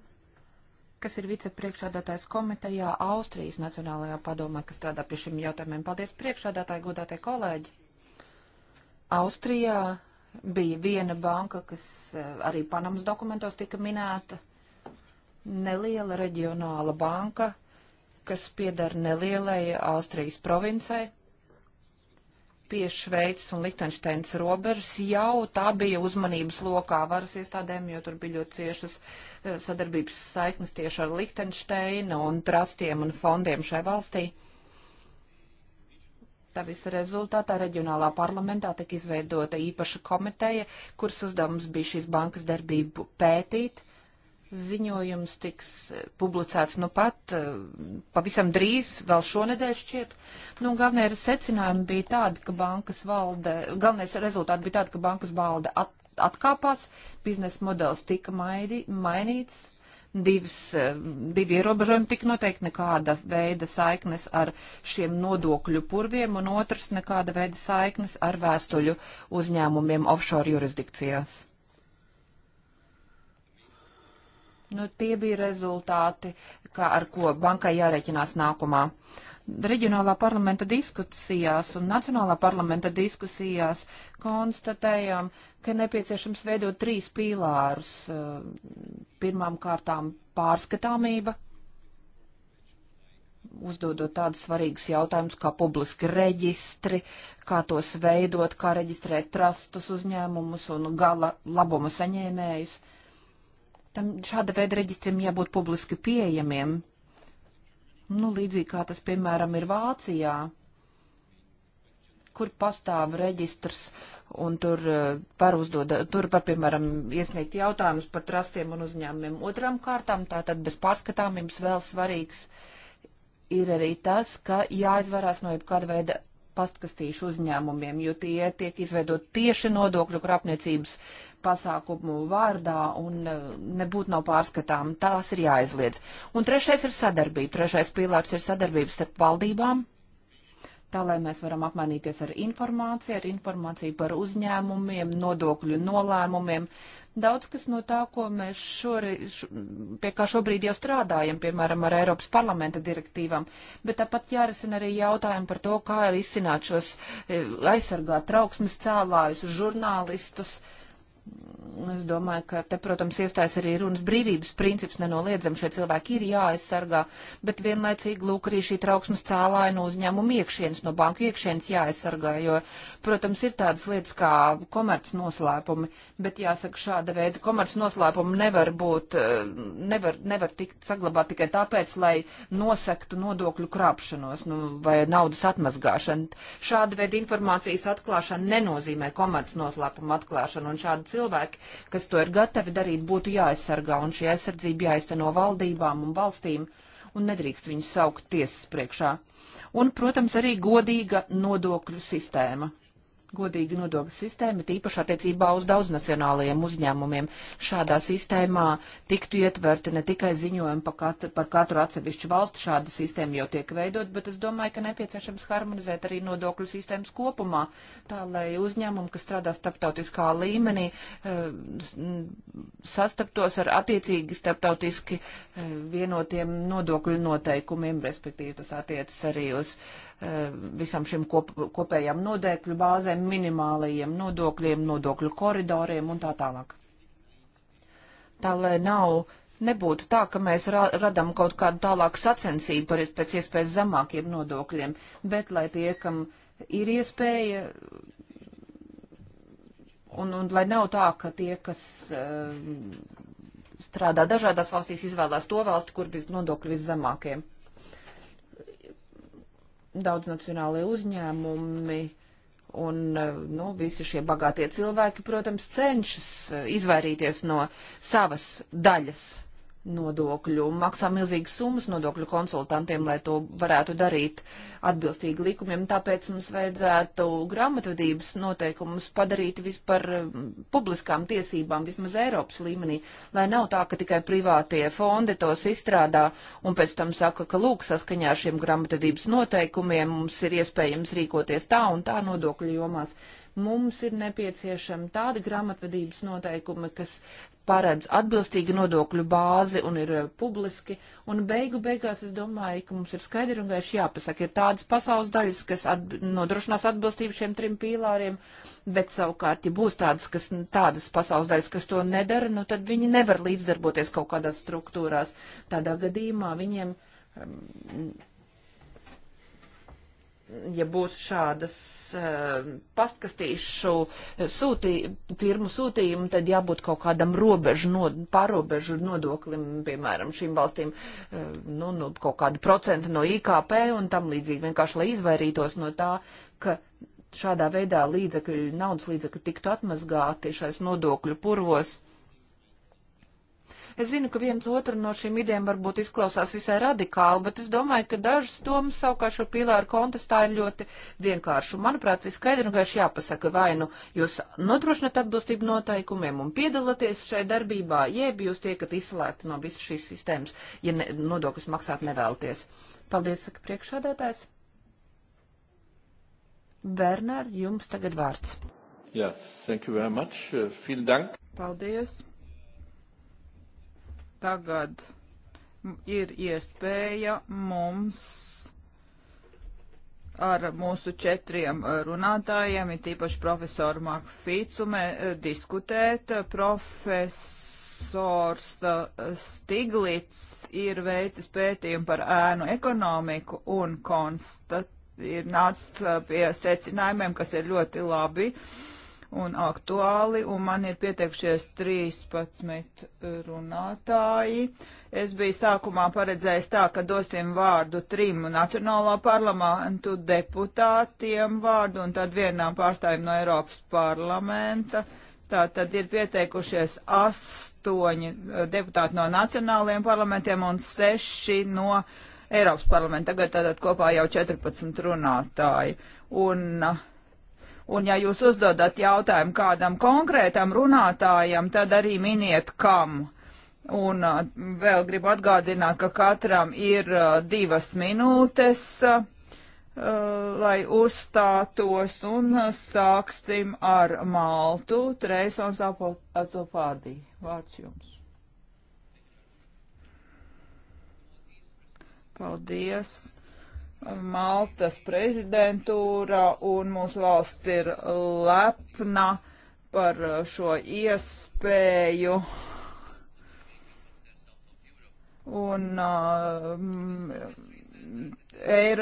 kas ir vicepriekšādātājs komitejā Austrijas Nacionālajā padomā, kas strādā pie šiem jautājumiem. Paldies priekšādātāji, godātie kolēģi! Austrijā bija viena banka, kas eh, arī Panamas dokumentos tika minēta, neliela reģionāla banka, kas piedara nelielai Austrijas provincei pie Šveices un Lichtensteins robežas jau tā bija uzmanības lokā varas iestādēm, jo tur bija ļoti ciešas eh, sadarbības saiknes tieši ar Lichtensteinu un trastiem un fondiem šai valstī. Tā visa rezultātā reģionālā parlamentā tika izveidota īpaša komiteja, kuras uzdevums bija šīs bankas darbību pētīt ziņojums tiks eh, publicēts nu pat eh, pavisam drīz, vēl šonedēļ šķiet. Nu, galvenie secinājumi bija tādi, ka bankas valde, galvenais rezultāti bija tādi, ka bankas valde at, atkāpās, biznesa modelis tika maidi, mainīts, divas, eh, divi ierobežojumi tika noteikti nekāda veida saiknes ar šiem nodokļu purviem un otrs nekāda veida saiknes ar vēstuļu uzņēmumiem offshore jurisdikcijās. Nu, tie bija rezultāti, kā, ar ko bankai jārēķinās nākamā. Reģionālā parlamenta diskusijās un nacionālā parlamenta diskusijās konstatējām, ka nepieciešams veidot trīs pīlārus. Eh, pirmām kārtām pārskatāmība, uzdodot tādus svarīgus jautājumus kā publiski reģistri, kā tos veidot, kā reģistrēt trastus uzņēmumus un gala labumu saņēmējus. Uh, Tam šāda veida reģistriem jābūt publiski pieejamiem. Nu, līdzīgi kā tas, piemēram, ir Vācijā, kur pastāv reģistrs un tur eh, var uzdod, tur var, piemēram, iesniegt jautājumus par trastiem un uzņēmumiem. Otram kārtām, tātad bez pārskatāmības vēl svarīgs ir arī tas, ka jāizvarās no jebkāda veida pastkastīšu uzņēmumiem, jo tie tiek izveidot tieši nodokļu krāpniecības pasākumu vārdā un e, nebūtu nav pārskatām. Tās ir jāaizliedz. Un trešais ir sadarbība. Trešais pīlārs ir sadarbības starp valdībām. Tā, lai mēs varam apmainīties ar informāciju, ar informāciju par uzņēmumiem, nodokļu nolēmumiem, Daudz kas no tā, ko mēs šoreiz, š, pie kā šobrīd jau strādājam, piemēram, ar Eiropas parlamenta direktīvām, bet tāpat jārisina arī jautājumi par to, kā izsināt šos eh, aizsargāt trauksmes cēlājus, žurnālistus. Uh, Es domāju, ka te, protams, iestājas arī runas brīvības princips nenoliedzam. Šie cilvēki ir jāaizsargā, bet vienlaicīgi lūk arī šī trauksmes cēlāja no uzņēmuma iekšienes, no banka iekšienes jāaizsargā, jo, protams, ir tādas lietas kā komerc noslēpumi, bet jāsaka, šāda veida komerc noslēpumi nevar būt, eh, nevar, nevar tikt saglabāt tikai tāpēc, lai nosektu nodokļu krāpšanos nu, vai naudas atmazgāšanu. Šāda veida informācijas atklāšana nenozīmē komerc noslēpumu atklāšanu un šāda cilvēka cilvēki, kas to ir gatavi darīt, būtu jāaizsargā, un šī aizsardzība jāizteno valdībām un valstīm, un nedrīkst viņus saukt tiesas priekšā. Un, protams, arī godīga nodokļu sistēma godīga nodokļu sistēma, tīpaši attiecībā uz daudznacionālajiem uzņēmumiem. Šādā sistēmā tiktu ietverti ne tikai ziņojumi par katru, par katru atsevišķu valstu, šāda sistēma jau tiek veidot, bet es domāju, ka nepieciešams harmonizēt arī nodokļu sistēmas kopumā, tā lai uzņēmumi, kas strādā starptautiskā līmenī, eh, sastaptos ar attiecīgi starptautiski eh, vienotiem nodokļu noteikumiem, respektīvi tas attiecas arī uz uh, Eh, visam šim kop, kopējām nodēkļu bāzēm, minimālajiem nodokļiem, nodokļu koridoriem un tā tālāk. Tā lai nav, nebūtu tā, ka mēs ra radam kaut kādu tālāku sacensību par pēc iespējas zemākiem nodokļiem, bet lai tie, kam ir iespēja, un, un lai nav tā, ka tie, kas uh, strādā dažādās valstīs, izvēlās to valsti, kur vis nodokļi viszemākie daudznacionālie uzņēmumi un nu, visi šie bagātie cilvēki, protams, cenšas eh, izvairīties no savas daļas nodokļu, maksā milzīgas summas nodokļu konsultantiem, lai to varētu darīt atbilstīgi likumiem. Tāpēc mums vajadzētu grāmatvedības noteikumus padarīt vispār um, publiskām tiesībām, vismaz Eiropas līmenī, lai nav tā, ka tikai privātie fondi tos izstrādā un pēc tam saka, ka lūk, saskaņā ar šiem grāmatvedības noteikumiem mums ir iespējams rīkoties tā un tā nodokļu jomās. Mums ir nepieciešama tāda grāmatvedības noteikuma, kas paredz atbilstīgu nodokļu bāzi un ir eh, publiski, un beigu beigās es domāju, ka mums ir skaidri un gaiši jāpasaka, ir tādas pasaules daļas, kas at, nodrošinās atbilstību šiem trim pīlāriem, bet savukārt, ja būs tādas, kas, tādas pasaules daļas, kas to nedara, nu tad viņi nevar līdzdarboties kaut kādās struktūrās. Tādā gadījumā viņiem. Um, ja būs šādas uh, pastkastīšu sūtī, firmu sūtījumu, tad jābūt kaut kādam robežu, no, pārobežu nodoklim, piemēram, šīm valstīm, uh, nu, nu, kaut kādu procentu no IKP un tam līdzīgi, vienkārši, lai izvairītos no tā, ka šādā veidā līdzekļu, naudas līdzekļu tiktu atmazgāti šais nodokļu purvos. Es zinu, ka viens otru no šīm idejām varbūt izklausās visai radikāli, bet es domāju, ka dažas domas savukārt šo pīlāru kontestā ir ļoti vienkārši. Un, manuprāt, viskaidri un gaiši jāpasaka, vai nu jūs nodrošināt atbilstību noteikumiem un piedalāties šai darbībā, jeb jūs tiekat izslēgti no visas šīs sistēmas, ja ne, nodokļus maksāt nevēlties. Paldies, saka priekšādātājs. Werner, jums tagad vārds. Yes, thank you very much. Uh, vielen Dank. Paldies tagad ir iespēja mums ar mūsu četriem runātājiem, ir tīpaši profesoru Marku Ficume, diskutēt. Profesors eh, Stiglits ir veicis pētījumu par ēnu ekonomiku un konstat, ir nācis eh, pie secinājumiem, kas ir ļoti labi. Uh, un aktuāli, un man ir pieteikšies 13 runātāji. Es biju sākumā paredzējis tā, ka dosim vārdu trim Nacionālā parlamentu deputātiem vārdu un tad vienām pārstāvjiem no Eiropas parlamenta. Tā tad ir pieteikušies astoņi eh, deputāti no nacionālajiem parlamentiem un seši no Eiropas parlamenta. Tagad tātad kopā jau 14 runātāji. Un uh, Un ja jūs uzdodat jautājumu kādam konkrētam runātājam, tad arī miniet kam. Un uh, vēl gribu atgādināt, ka katram ir uh, divas minūtes, uh, lai uzstātos, un sāksim ar Maltu. Treisons Atsofādī. Vārds jums. Paldies. Maltas prezidentūra un mūsu valsts ir lepna par šo iespēju. Un uh, ir,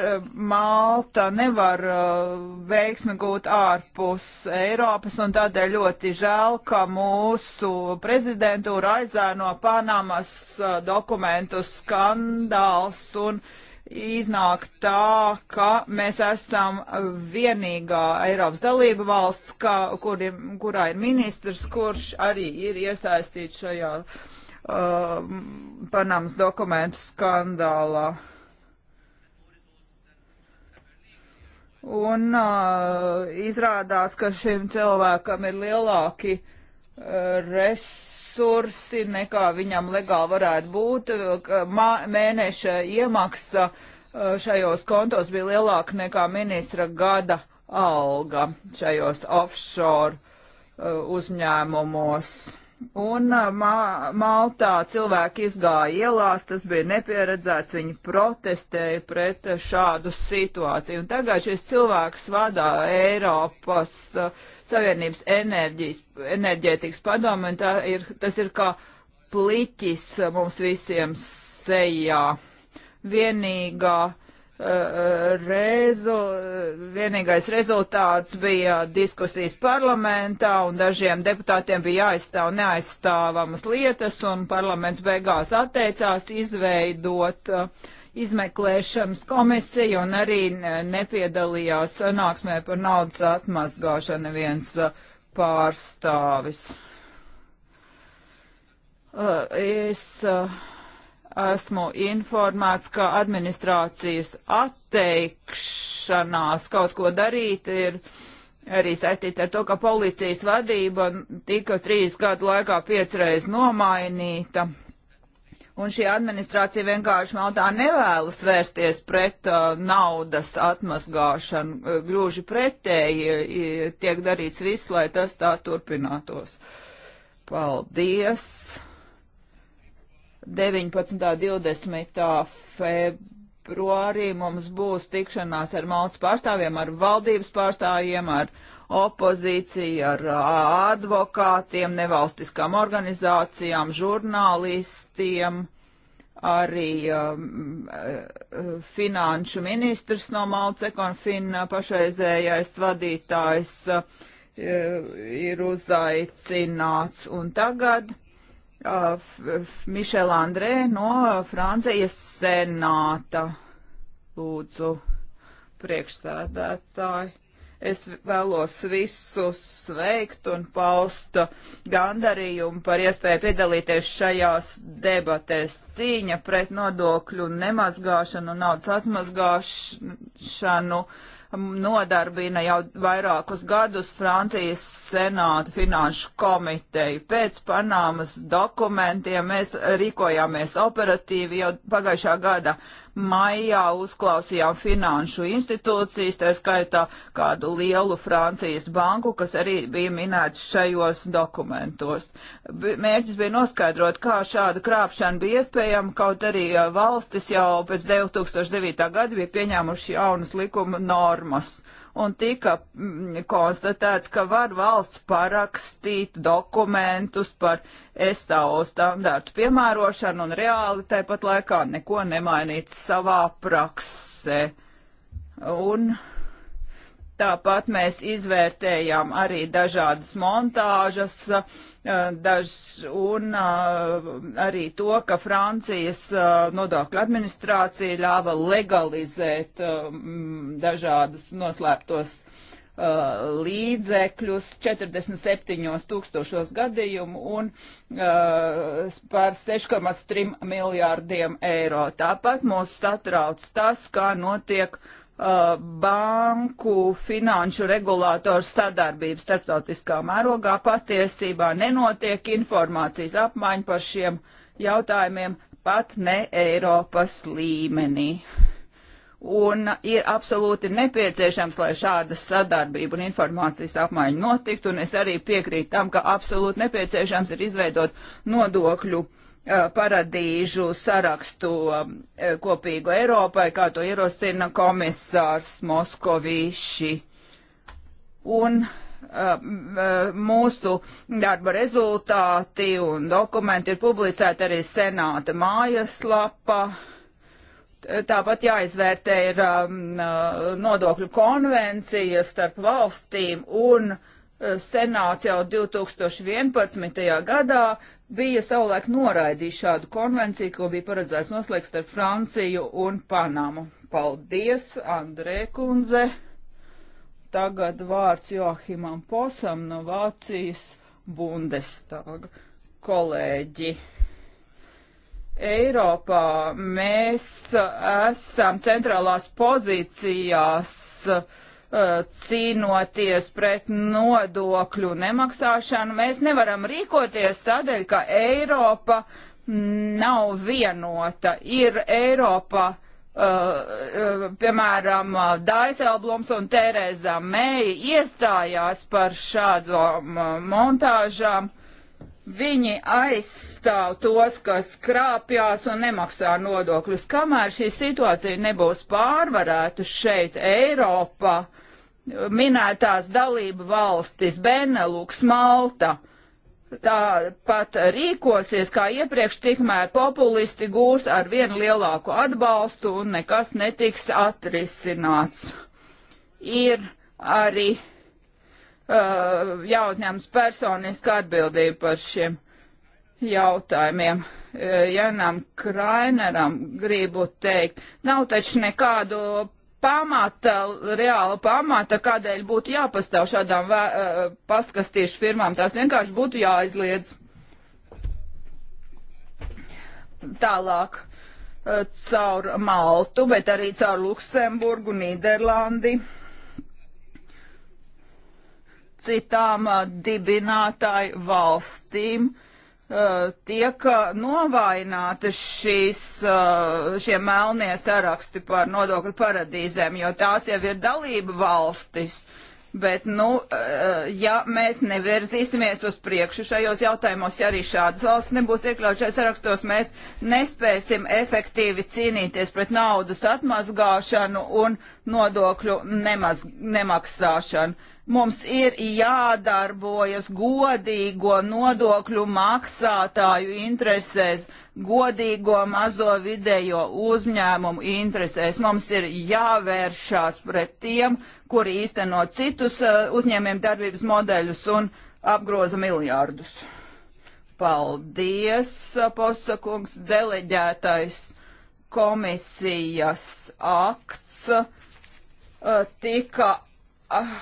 Malta nevar uh, veiksmi gūt ārpus Eiropas, un tādēļ ļoti žēl, ka mūsu prezidentūra aizēno Panamas uh, dokumentu skandāls un uh, iznāk tā, ka mēs esam vienīgā Eiropas dalība valsts, ka, kur ir, kurā ir ministrs, kurš arī ir iesaistīts šajā uh, Panamas dokumentu skandālā. Un uh, izrādās, ka šim cilvēkam ir lielāki uh, resursi resursi, nekā viņam legāli varētu būt. Mēneša iemaksa uh, šajos kontos bija lielāka nekā ministra gada alga šajos offshore uh, uzņēmumos. Un uh, ma Maltā cilvēki izgāja ielās, tas bija nepieredzēts, viņi protestēja pret šādu situāciju. Un tagad šis cilvēks vadā Eiropas uh, Savienības enerģijas, enerģētikas padomu, un ir, tas ir kā pliķis mums visiem sejā. Vienīgā uh, rezu, vienīgais rezultāts bija diskusijas parlamentā un dažiem deputātiem bija jāizstāv neaizstāvamas lietas un parlaments beigās atteicās izveidot uh, izmeklēšanas komisiju un arī nepiedalījās sanāksmē par naudas atmazgāšanu viens uh, pārstāvis. Uh, es uh, Esmu informēts, ka administrācijas atteikšanās kaut ko darīt ir arī saistīta ar to, ka policijas vadība tika trīs gadu laikā piecreiz nomainīta. Un šī administrācija vienkārši maltā nevēlas vērsties pret uh, naudas atmazgāšanu. Uh, gluži pretēji uh, tiek darīts viss, lai tas tā turpinātos. Paldies! 19. un 20. februārī mums būs tikšanās ar mautas pārstāvjiem, ar valdības pārstāvjiem, ar opozīciju, ar advokātiem, nevalstiskām organizācijām, žurnālistiem, arī um, finanšu ministrs no Malts Ekonfin pašreizējais vadītājs uh, ir uzaicināts. Un tagad Uh, Mišela Andrē no Francijas senāta. Lūdzu, priekšsēdētāji. Es vēlos visus sveikt un paust gandarījumu par iespēju piedalīties šajās debatēs. Cīņa pret nodokļu nemazgāšanu, naudas atmazgāšanu nodarbina jau vairākus gadus Francijas Senāta finanšu komiteju. Pēc Panāmas dokumentiem mēs rīkojāmies operatīvi jau pagājušā gada uh, maijā uzklausījām finanšu institūcijas, tā skaitā kādu lielu Francijas banku, kas arī bija minēts šajos dokumentos. B mērķis bija noskaidrot, kā šāda krāpšana bija iespējama, kaut arī eh, valstis jau pēc 2009. gada bija pieņēmuši jaunas likuma normas un tika mm, konstatēts, ka var valsts parakstīt dokumentus par SAO standārtu piemērošanu un reāli tāpat laikā neko nemainīt savā praksē. Un uh, Tāpat mēs izvērtējām arī dažādas montāžas, uh, dažs un uh, arī to, ka Francijas uh, nodokļu administrācija ļāva legalizēt dažādus noslēptos līdzekļus 47 tūkstošos gadījumu un uh, par 6,3 miljārdiem eiro. Tāpat mūs satrauc tas, kā notiek uh, Uh, banku finanšu regulātoru sadarbību starptautiskā mērogā patiesībā nenotiek informācijas apmaiņa par šiem jautājumiem pat ne Eiropas līmenī. Un ir absolūti nepieciešams, lai šāda sadarbība un informācijas apmaiņa notiktu, un es arī piekrītu tam, ka absolūti nepieciešams ir izveidot nodokļu uh, paradīžu sarakstu kopīgu Eiropai, kā to ierostina komisārs Moskovīši. Un mūsu darba rezultāti un dokumenti ir publicēti arī Senāta mājaslapā. Tāpat jāizvērtē ir nodokļu konvencijas starp valstīm un Senāts jau 2011. gadā bija savulaik noraidījis šādu konvenciju, ko bija paredzēts noslēgt starp Franciju un Panamu. Paldies, Andrē kundze. Tagad vārds Johimam Posam no Vācijas Bundestaga. Kolēģi, Eiropā mēs esam centrālās pozīcijās uh, Uh, cīnoties pret nodokļu nemaksāšanu. Mēs nevaram rīkoties tādēļ, ka Eiropa nav vienota. Ir Eiropa, uh, uh piemēram, Daiselblums un Tereza Meija iestājās par šādām uh, montāžām. Viņi aizstāv tos, kas krāpjās un nemaksā nodokļus. Kamēr šī situācija nebūs pārvarēta šeit, Eiropā, minētās dalība valstis Beneluks, Malta tāpat rīkosies kā iepriekš, tikmēr populisti gūs ar vien lielāku atbalstu un nekas netiks atrisināts. Ir arī uh, jāuzņems personiska atbildība par šiem jautājumiem. Uh, Janam Kraineram gribu teikt, nav taču nekādu pamata, reāla pamata, kādēļ būtu jāpastāv šādām vē, eh, paskastīšu firmām. Tās vienkārši būtu jāaizliedz. Tālāk eh, caur Maltu, bet arī caur Luksemburgu, Nīderlandi, citām eh, dibinātāju valstīm. Uh, Eh, tiek eh, novājināti šīs, eh, šie melnie saraksti par nodokļu paradīzēm, jo tās jau ir dalība valstis. Bet, nu, ja mēs nevirzīsimies uz priekšu šajos jautājumos, ja arī šādas valsts nebūs iekļauts šajos sarakstos, mēs nespēsim efektīvi cīnīties pret naudas atmazgāšanu un nodokļu nemaz, nemaksāšanu Mums ir jādarbojas godīgo nodokļu maksātāju interesēs, godīgo mazo vidējo uzņēmumu interesēs. Mums ir jāvēršās pret tiem, kuri īsteno citus eh, uzņēmiem darbības modeļus un apgroza miljārdus. Paldies, posakungs, deleģētais komisijas akts eh, tika. Uh,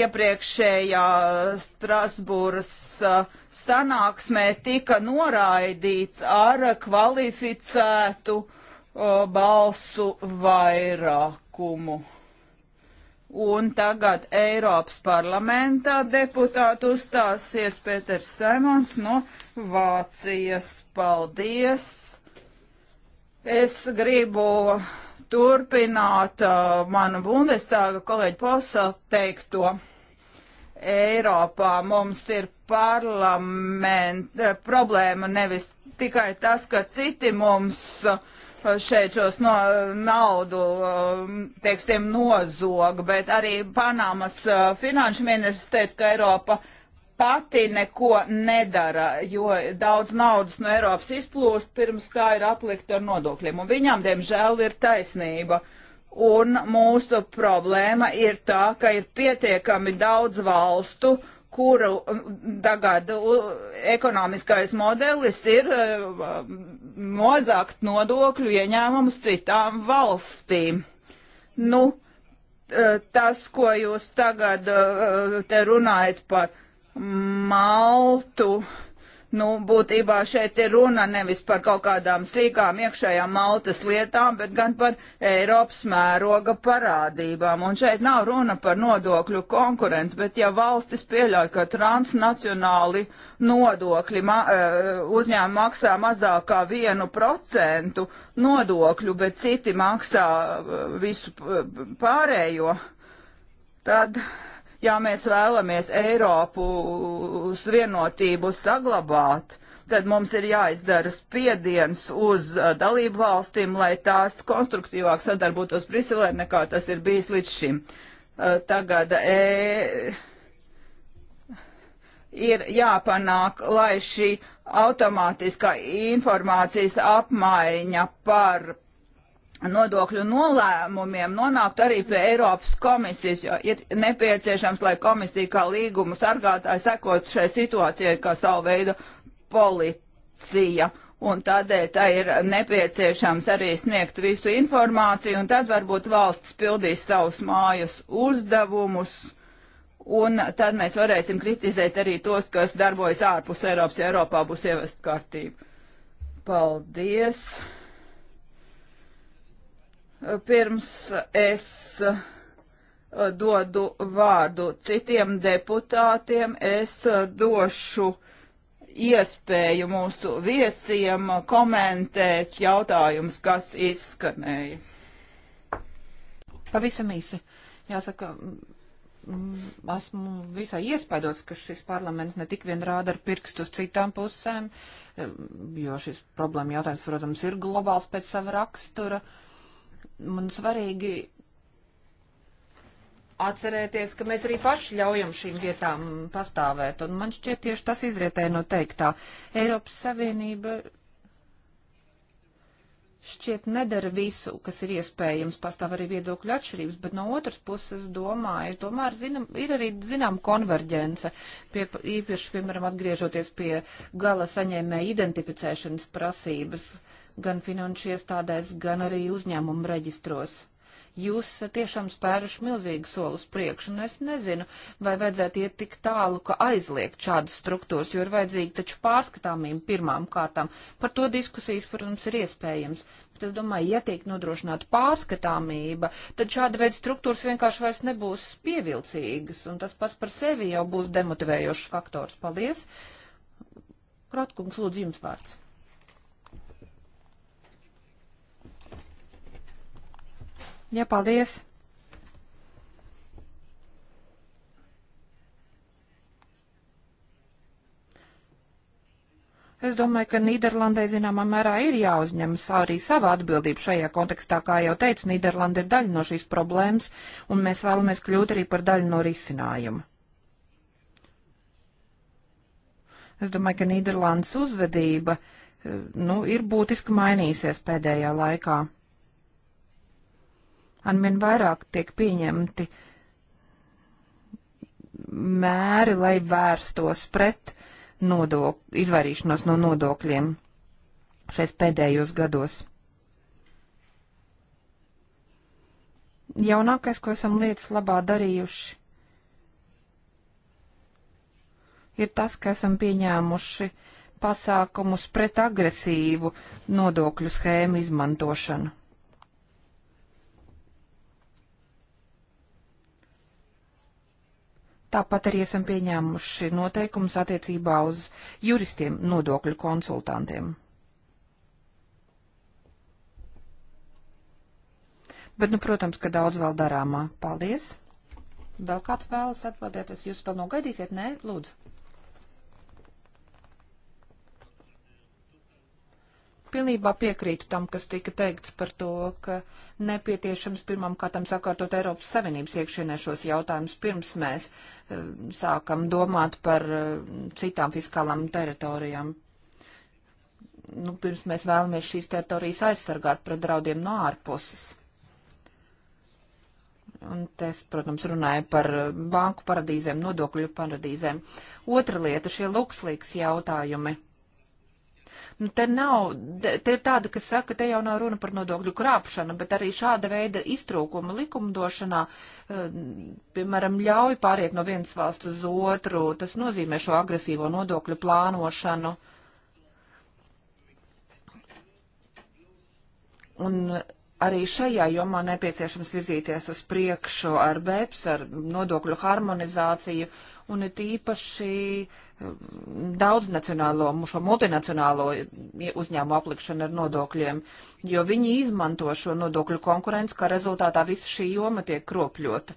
iepriekšējā Strasbūras sanāksmē tika noraidīts ar kvalificētu balsu vairākumu. Un tagad Eiropas parlamentā deputātu uzstāsies Pēters Saimons no Vācijas. Paldies! Es gribu uh, turpināt uh, manu Bundestāga kolēģi Posels teikto. Eiropā mums ir parlament, eh, problēma nevis tikai tas, ka citi mums uh, šeit šos no, naudu, um, teiksim, nozog, bet arī Panamas uh, finanšu ministrs teica, ka Eiropa pati neko nedara, jo daudz naudas no Eiropas izplūst pirms tā ir aplikta ar nodokļiem. Un viņām, diemžēl, ir taisnība. Un mūsu problēma ir tā, ka ir pietiekami daudz valstu, kuru tagad ekonomiskais modelis ir e, nozakt nodokļu ieņēmumus citām valstīm. Nu, e, tas, ko jūs tagad e, te runājat par maltu. Nu, būtībā šeit ir runa nevis par kaut kādām sīkām iekšējām maltas lietām, bet gan par Eiropas mēroga parādībām. Un šeit nav runa par nodokļu konkurenci, bet ja valstis pieļauj, ka transnacionāli nodokļi ma e, uzņēmumi maksā mazāk kā vienu procentu nodokļu, bet citi maksā e, visu e, pārējo, tad Ja mēs vēlamies Eiropu vienotību saglabāt, tad mums ir jāizdara spiediens uz uh, dalību valstīm, lai tās konstruktīvāk sadarbotos Briselē nekā tas ir bijis līdz šim. Uh, tagad e, ir jāpanāk, lai šī automātiskā informācijas apmaiņa par nodokļu nolēmumiem nonāktu arī pie Eiropas komisijas, jo ir nepieciešams, lai komisija kā līgumu sargātāji sekot šai situācijai kā savu veidu policija. Un tādēļ tā ir nepieciešams arī sniegt visu informāciju, un tad varbūt valsts pildīs savus mājas uzdevumus, un tad mēs varēsim kritizēt arī tos, kas darbojas ārpus Eiropas, ja Eiropā būs ievest kārtība. Paldies! Pirms es uh, dodu vārdu citiem deputātiem, es uh, došu iespēju mūsu viesiem komentēt jautājumus, kas izskanēja. Pavisam īsi. Jāsaka, esmu visai iespaidots, ka šis parlaments ne tik vien rāda ar pirkstu uz citām pusēm, jo šis problēma jautājums, protams, ir globāls pēc sava rakstura. Uh, man svarīgi atcerēties, ka mēs arī paši ļaujam šīm vietām pastāvēt, un man šķiet tieši tas izrietē no teiktā. Eiropas Savienība šķiet nedara visu, kas ir iespējams, pastāv arī viedokļu atšķirības, bet no otras puses domāju, tomēr zinam, ir arī zinām konverģence, pie, īpaši, piemēram, atgriežoties pie gala saņēmē identificēšanas prasības. Uh, gan finanšu iestādēs, gan arī uzņēmumu reģistros. Jūs tiešām spēruši milzīgu soli uz priekšu, un es nezinu, vai vajadzētu iet tik tālu, ka aizliegt šādas struktūras, jo ir vajadzīgi taču pārskatāmība pirmām kārtām. Par to diskusijas, protams, ir iespējams, bet es domāju, ja tiek nodrošināta pārskatāmība, tad šāda veida struktūras vienkārši vairs nebūs pievilcīgas, un tas pats par sevi jau būs demotivējošs faktors. Paldies! Kratkungs, lūdzu, jums vārds. Jā, paldies. Es domāju, ka Nīderlandē zināmā mērā ir jāuzņemas arī sava atbildība šajā kontekstā. Kā jau teicu, Nīderlanda ir daļa no šīs problēmas, un mēs vēlamies kļūt arī par daļu no risinājuma. Es domāju, ka Nīderlandes uzvedība eh, nu, ir būtiski mainījusies pēdējā laikā. Anvien vairāk tiek pieņemti mēri, lai vērstos pret nodok, izvairīšanos no nodokļiem šais pēdējos gados. Jaunākais, ko esam lietas labā darījuši, ir tas, ka esam pieņēmuši pasākumus pret agresīvu nodokļu schēmu izmantošanu. Tāpat arī esam pieņēmuši noteikumus attiecībā uz juristiem nodokļu konsultantiem. Bet, nu, protams, ka daudz vēl darāmā. Paldies! Vēl kāds vēlas atbildēt, es jūs vēl nogaidīsiet? Nē, lūdzu. pilnībā piekrītu tam, kas tika teikts par to, ka nepieciešams pirmam kārtam sakārtot Eiropas Savienības iekšienē šos jautājumus, pirms mēs uh, sākam domāt par uh, citām fiskālām teritorijām. Nu, pirms mēs vēlamies šīs teritorijas aizsargāt pret draudiem no ārpuses. Un es, protams, runāju par eh, banku paradīzēm, nodokļu paradīzēm. Otra lieta - šie luksulīgs jautājumi Nu, te nav, te ir tāda, kas saka, te jau nav runa par nodokļu krāpšanu, bet arī šāda veida iztrūkuma likumdošanā, eh, piemēram, ļauj pāriet no vienas valsts uz otru. Tas nozīmē šo agresīvo nodokļu plānošanu. Un arī šajā jomā nepieciešams virzīties uz priekšu ar BEPS, ar nodokļu harmonizāciju. Uh, un it īpaši um, daudznacionālo, šo multinacionālo uzņēmumu aplikšanu ar nodokļiem, jo viņi izmanto šo nodokļu konkurenci, kā rezultātā visa šī joma tiek kropļota.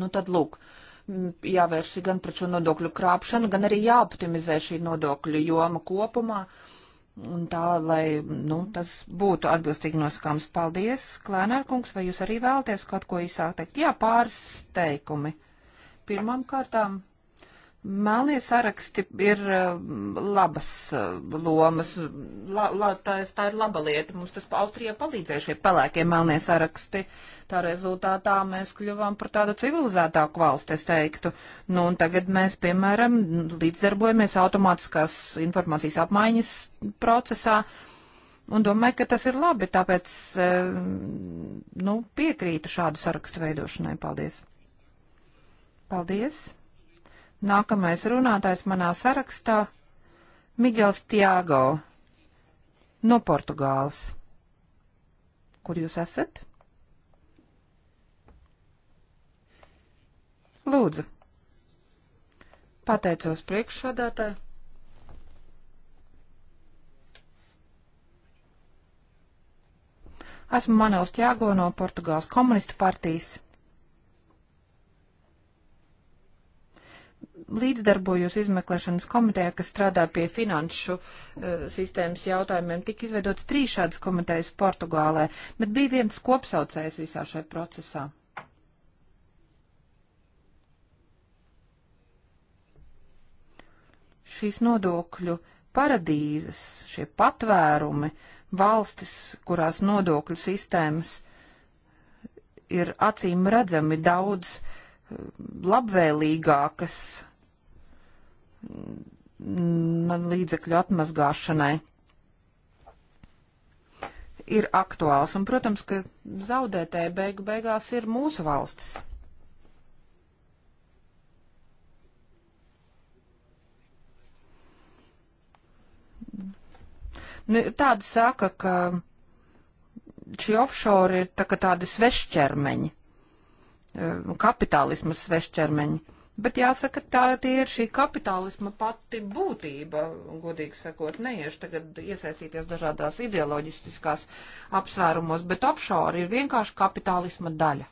Nu tad lūk, jāvēršas gan pret šo nodokļu krāpšanu, gan arī jāoptimizē šī nodokļu joma kopumā. Un tā, lai nu, tas būtu atbilstīgi nosakāms. Paldies, Klēnērkungs, vai jūs arī vēlaties kaut ko īsāk teikt? Jā, pāris teikumi. Pirmām kārtām Melnie saraksti ir eh, labas eh, lomas. La, la, tā, tā ir laba lieta. Mums tas Austrijā palīdzēja šie pelēkie melnie saraksti. Tā rezultātā mēs kļuvām par tādu civilizētāku valsti, es teiktu. Nu, un tagad mēs, piemēram, līdzdarbojamies automātiskās informācijas apmaiņas procesā. Un domāju, ka tas ir labi, tāpēc, eh, nu, piekrītu šādu sarakstu veidošanai. Paldies! Paldies! Nākamais runātājs manā sarakstā - Migels Tiago no Portugāles. Kur jūs esat? Lūdzu. Pateicos priekšsādātāji. Esmu Manuels Tiago no Portugāles komunistu partijas. līdzdarbojos izmeklēšanas komitejā, kas strādā pie finanšu uh, sistēmas jautājumiem. Tika izveidots trīs šādas komitejas Portugālē, bet bija viens kopsaucējs visā šajā procesā. Šīs nodokļu paradīzes, šie patvērumi, valstis, kurās nodokļu sistēmas ir acīm redzami daudz eh, labvēlīgākas līdzekļu atmazgāšanai ir aktuāls. Un, protams, ka zaudētāji beigu beigās ir mūsu valstis. Nu, tāda saka, ka šī offshore ir tā, tādi svešķermeņi, eh, kapitālismu svešķermeņi. Bet jāsaka, tā tie ir šī kapitālisma pati būtība, godīgi sakot, neiešu tagad iesaistīties dažādās ideoloģistiskās apsvērumos, bet offshore ir vienkārši kapitālisma daļa.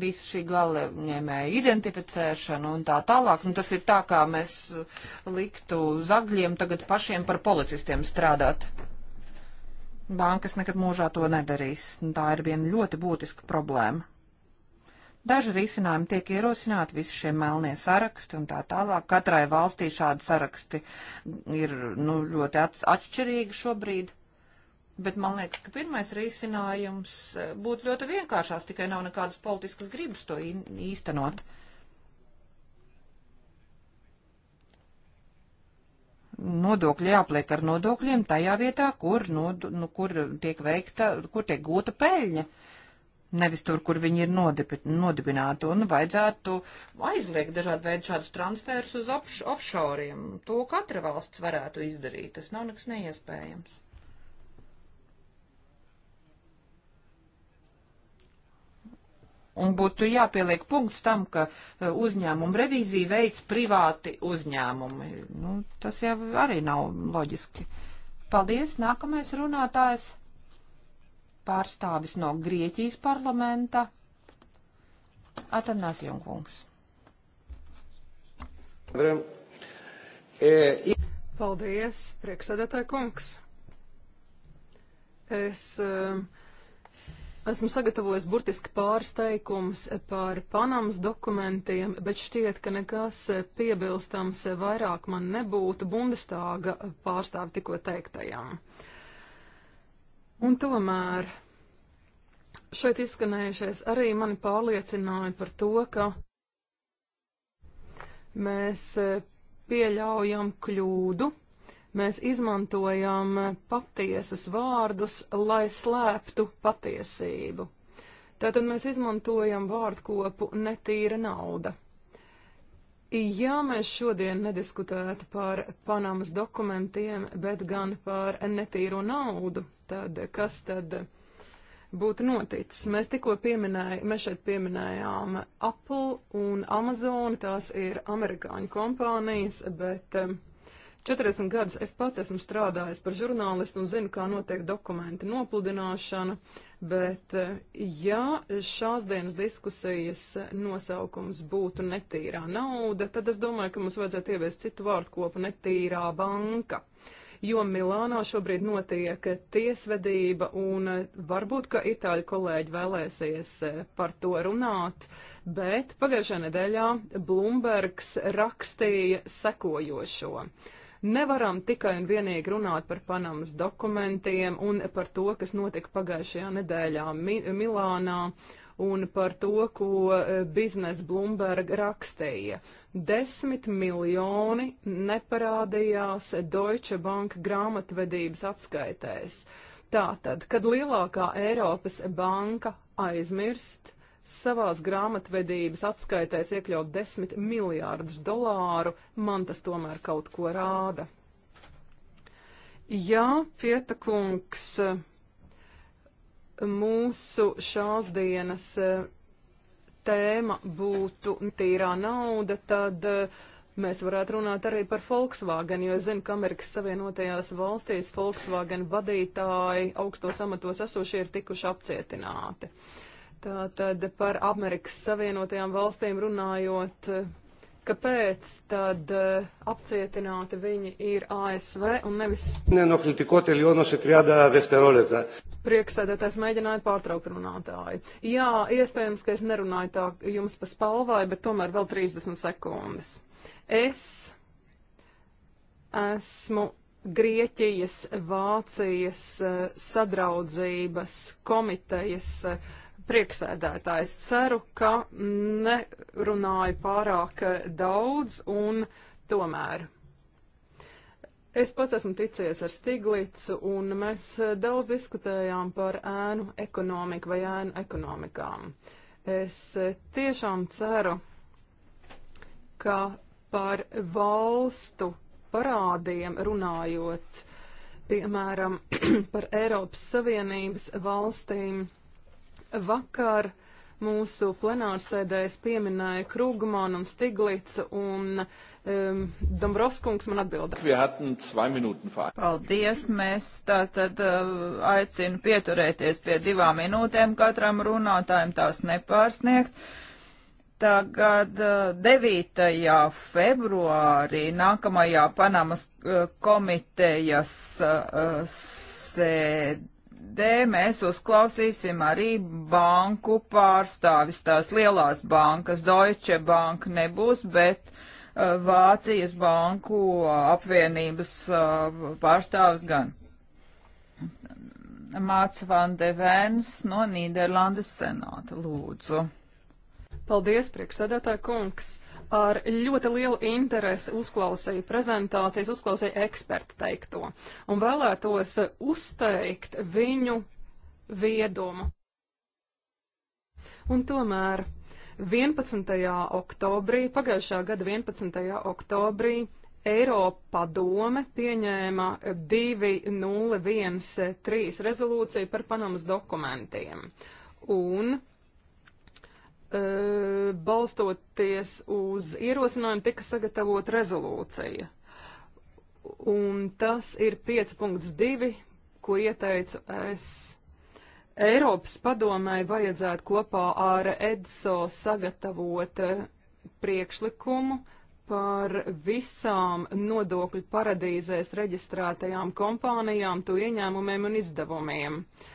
visu šī galvenēmēja identificēšanu un tā tālāk. Nu, tas ir tā, kā mēs liktu zagļiem tagad pašiem par policistiem strādāt. Bankas nekad mūžā to nedarīs. Nu, tā ir viena ļoti būtiska problēma. Daži risinājumi tiek ierosināti, visi šie melnie saraksti un tā tālāk. Katrai valstī šādi saraksti ir nu, ļoti atšķirīgi šobrīd. Bet man liekas, ka pirmais risinājums eh, būtu ļoti vienkāršās, tikai nav nekādas politiskas gribas to īstenot. Mm. nodokļi jāpliek ar nodokļiem tajā vietā, kur, nod, nu, kur tiek veikta, kur tiek gūta peļņa. Nevis tur, kur viņi ir nodib, nodibināti, un vajadzētu aizliegt dažādu veidu šādus transferus uz offshoriem. To katra valsts varētu izdarīt, tas nav nekas neiespējams. Un būtu jāpieliek punkts tam, ka e, uzņēmumu revīziju veids privāti uzņēmumi. Nu, tas jau arī nav loģiski. Paldies, nākamais runātājs. Pārstāvis no Grieķijas parlamenta. Atanās Junkungs. Paldies, priekšsēdētāja kungs. Es uh, um, Esmu sagatavojis burtiski pāris teikumus par Panamas dokumentiem, bet šķiet, ka nekas piebilstams vairāk man nebūtu Bundestāga pārstāvi tikko teiktajam. Un tomēr šeit izskanējušais arī mani pārliecināja par to, ka mēs pieļaujam kļūdu Mēs izmantojam patiesus vārdus, lai slēptu patiesību. Tātad mēs izmantojam vārdkopu netīra nauda. Ja mēs šodien nediskutētu par Panamas dokumentiem, bet gan par netīro naudu, tad kas tad būtu noticis? Mēs tikko pieminējām, mēs šeit pieminējām Apple un Amazon, tās ir amerikāņu kompānijas, bet um, 40 gadus es pats esmu strādājis par žurnālistu un zinu, kā notiek dokumenta nopludināšana, bet eh, ja šās dienas diskusijas nosaukums būtu netīrā nauda, tad es domāju, ka mums vajadzētu ieviest citu vārdu kopu netīrā banka jo Milānā šobrīd notiek tiesvedība, un eh, varbūt, ka itāļu kolēģi vēlēsies eh, par to runāt, bet pagājušajā nedēļā Blumbergs rakstīja sekojošo. Nevaram tikai un vienīgi runāt par Panamas dokumentiem un par to, kas notika pagājušajā nedēļā Mi Milānā un par to, ko e, biznesa Bloomberg rakstīja. Desmit miljoni neparādījās Deutsche Bank grāmatvedības atskaitēs. Tātad, kad lielākā Eiropas banka aizmirst, savās grāmatvedības atskaitēs iekļaut 10 miljārdus dolāru, man tas tomēr kaut ko rāda. Jā, Pieta kungs, eh, mūsu šās dienas eh, tēma būtu tīrā nauda, tad eh, mēs varētu runāt arī par Volkswagen, jo es zinu, ka Amerikas Savienotajās valstīs Volkswagen vadītāji augstos amatos esošie ir tikuši apcietināti. Uh, Tātad par Amerikas Savienotajām valstīm runājot, kāpēc tad eh, apcietināti viņi ir ASV un nevis. Nenoklitiko teljonos ir 30 dešterolētā. Prieksēdētājs mēģināja pārtraukt runātāju. Jā, iespējams, ka es nerunāju tā jums pa spalvai, bet tomēr vēl 30 sekundes. Es esmu Grieķijas, Vācijas eh, sadraudzības komitejas eh, Prieksēdētājs ceru, ka nerunāju pārāk daudz un tomēr. Es pats esmu ticies ar Stiglicu, un mēs daudz diskutējām par ēnu ekonomiku vai ēnu ekonomikām. Es tiešām ceru, ka par valstu parādiem runājot, piemēram, par Eiropas Savienības valstīm Vakar mūsu plenārsēdēs pieminēja Krūgmanu un Stiglicu, un um, Dombrovskungs man atbildēja. Paldies, mēs tātad uh, aicinu pieturēties pie divām minūtēm katram runātājiem, tās nepārsniegt. Tagad 9. Uh, februārī nākamajā Panamas uh, komitejas sēdē D mēs uzklausīsim arī banku pārstāvis. Tās lielās bankas, Deutsche Bank nebūs, bet uh, Vācijas banku apvienības uh, pārstāvis gan. Māca van de Vens no Nīderlandes senāta, lūdzu. Paldies, priekšsēdētāja kungs! ar ļoti lielu interesi uzklausīju prezentācijas, uzklausīju ekspertu teikto un vēlētos uzteikt viņu viedumu. Un tomēr 11. oktobrī, pagājušā gada 11. oktobrī, Eiropa padome pieņēma 2013 rezolūciju par Panamas dokumentiem. Un balstoties uz ierosinājumu tika sagatavot rezolūcija. Un tas ir 5.2, ko ieteicu es. Eiropas padomai vajadzētu kopā ar EDSO sagatavot priekšlikumu par visām nodokļu paradīzēs reģistrētajām kompānijām, to ieņēmumiem un izdevumiem. Uh,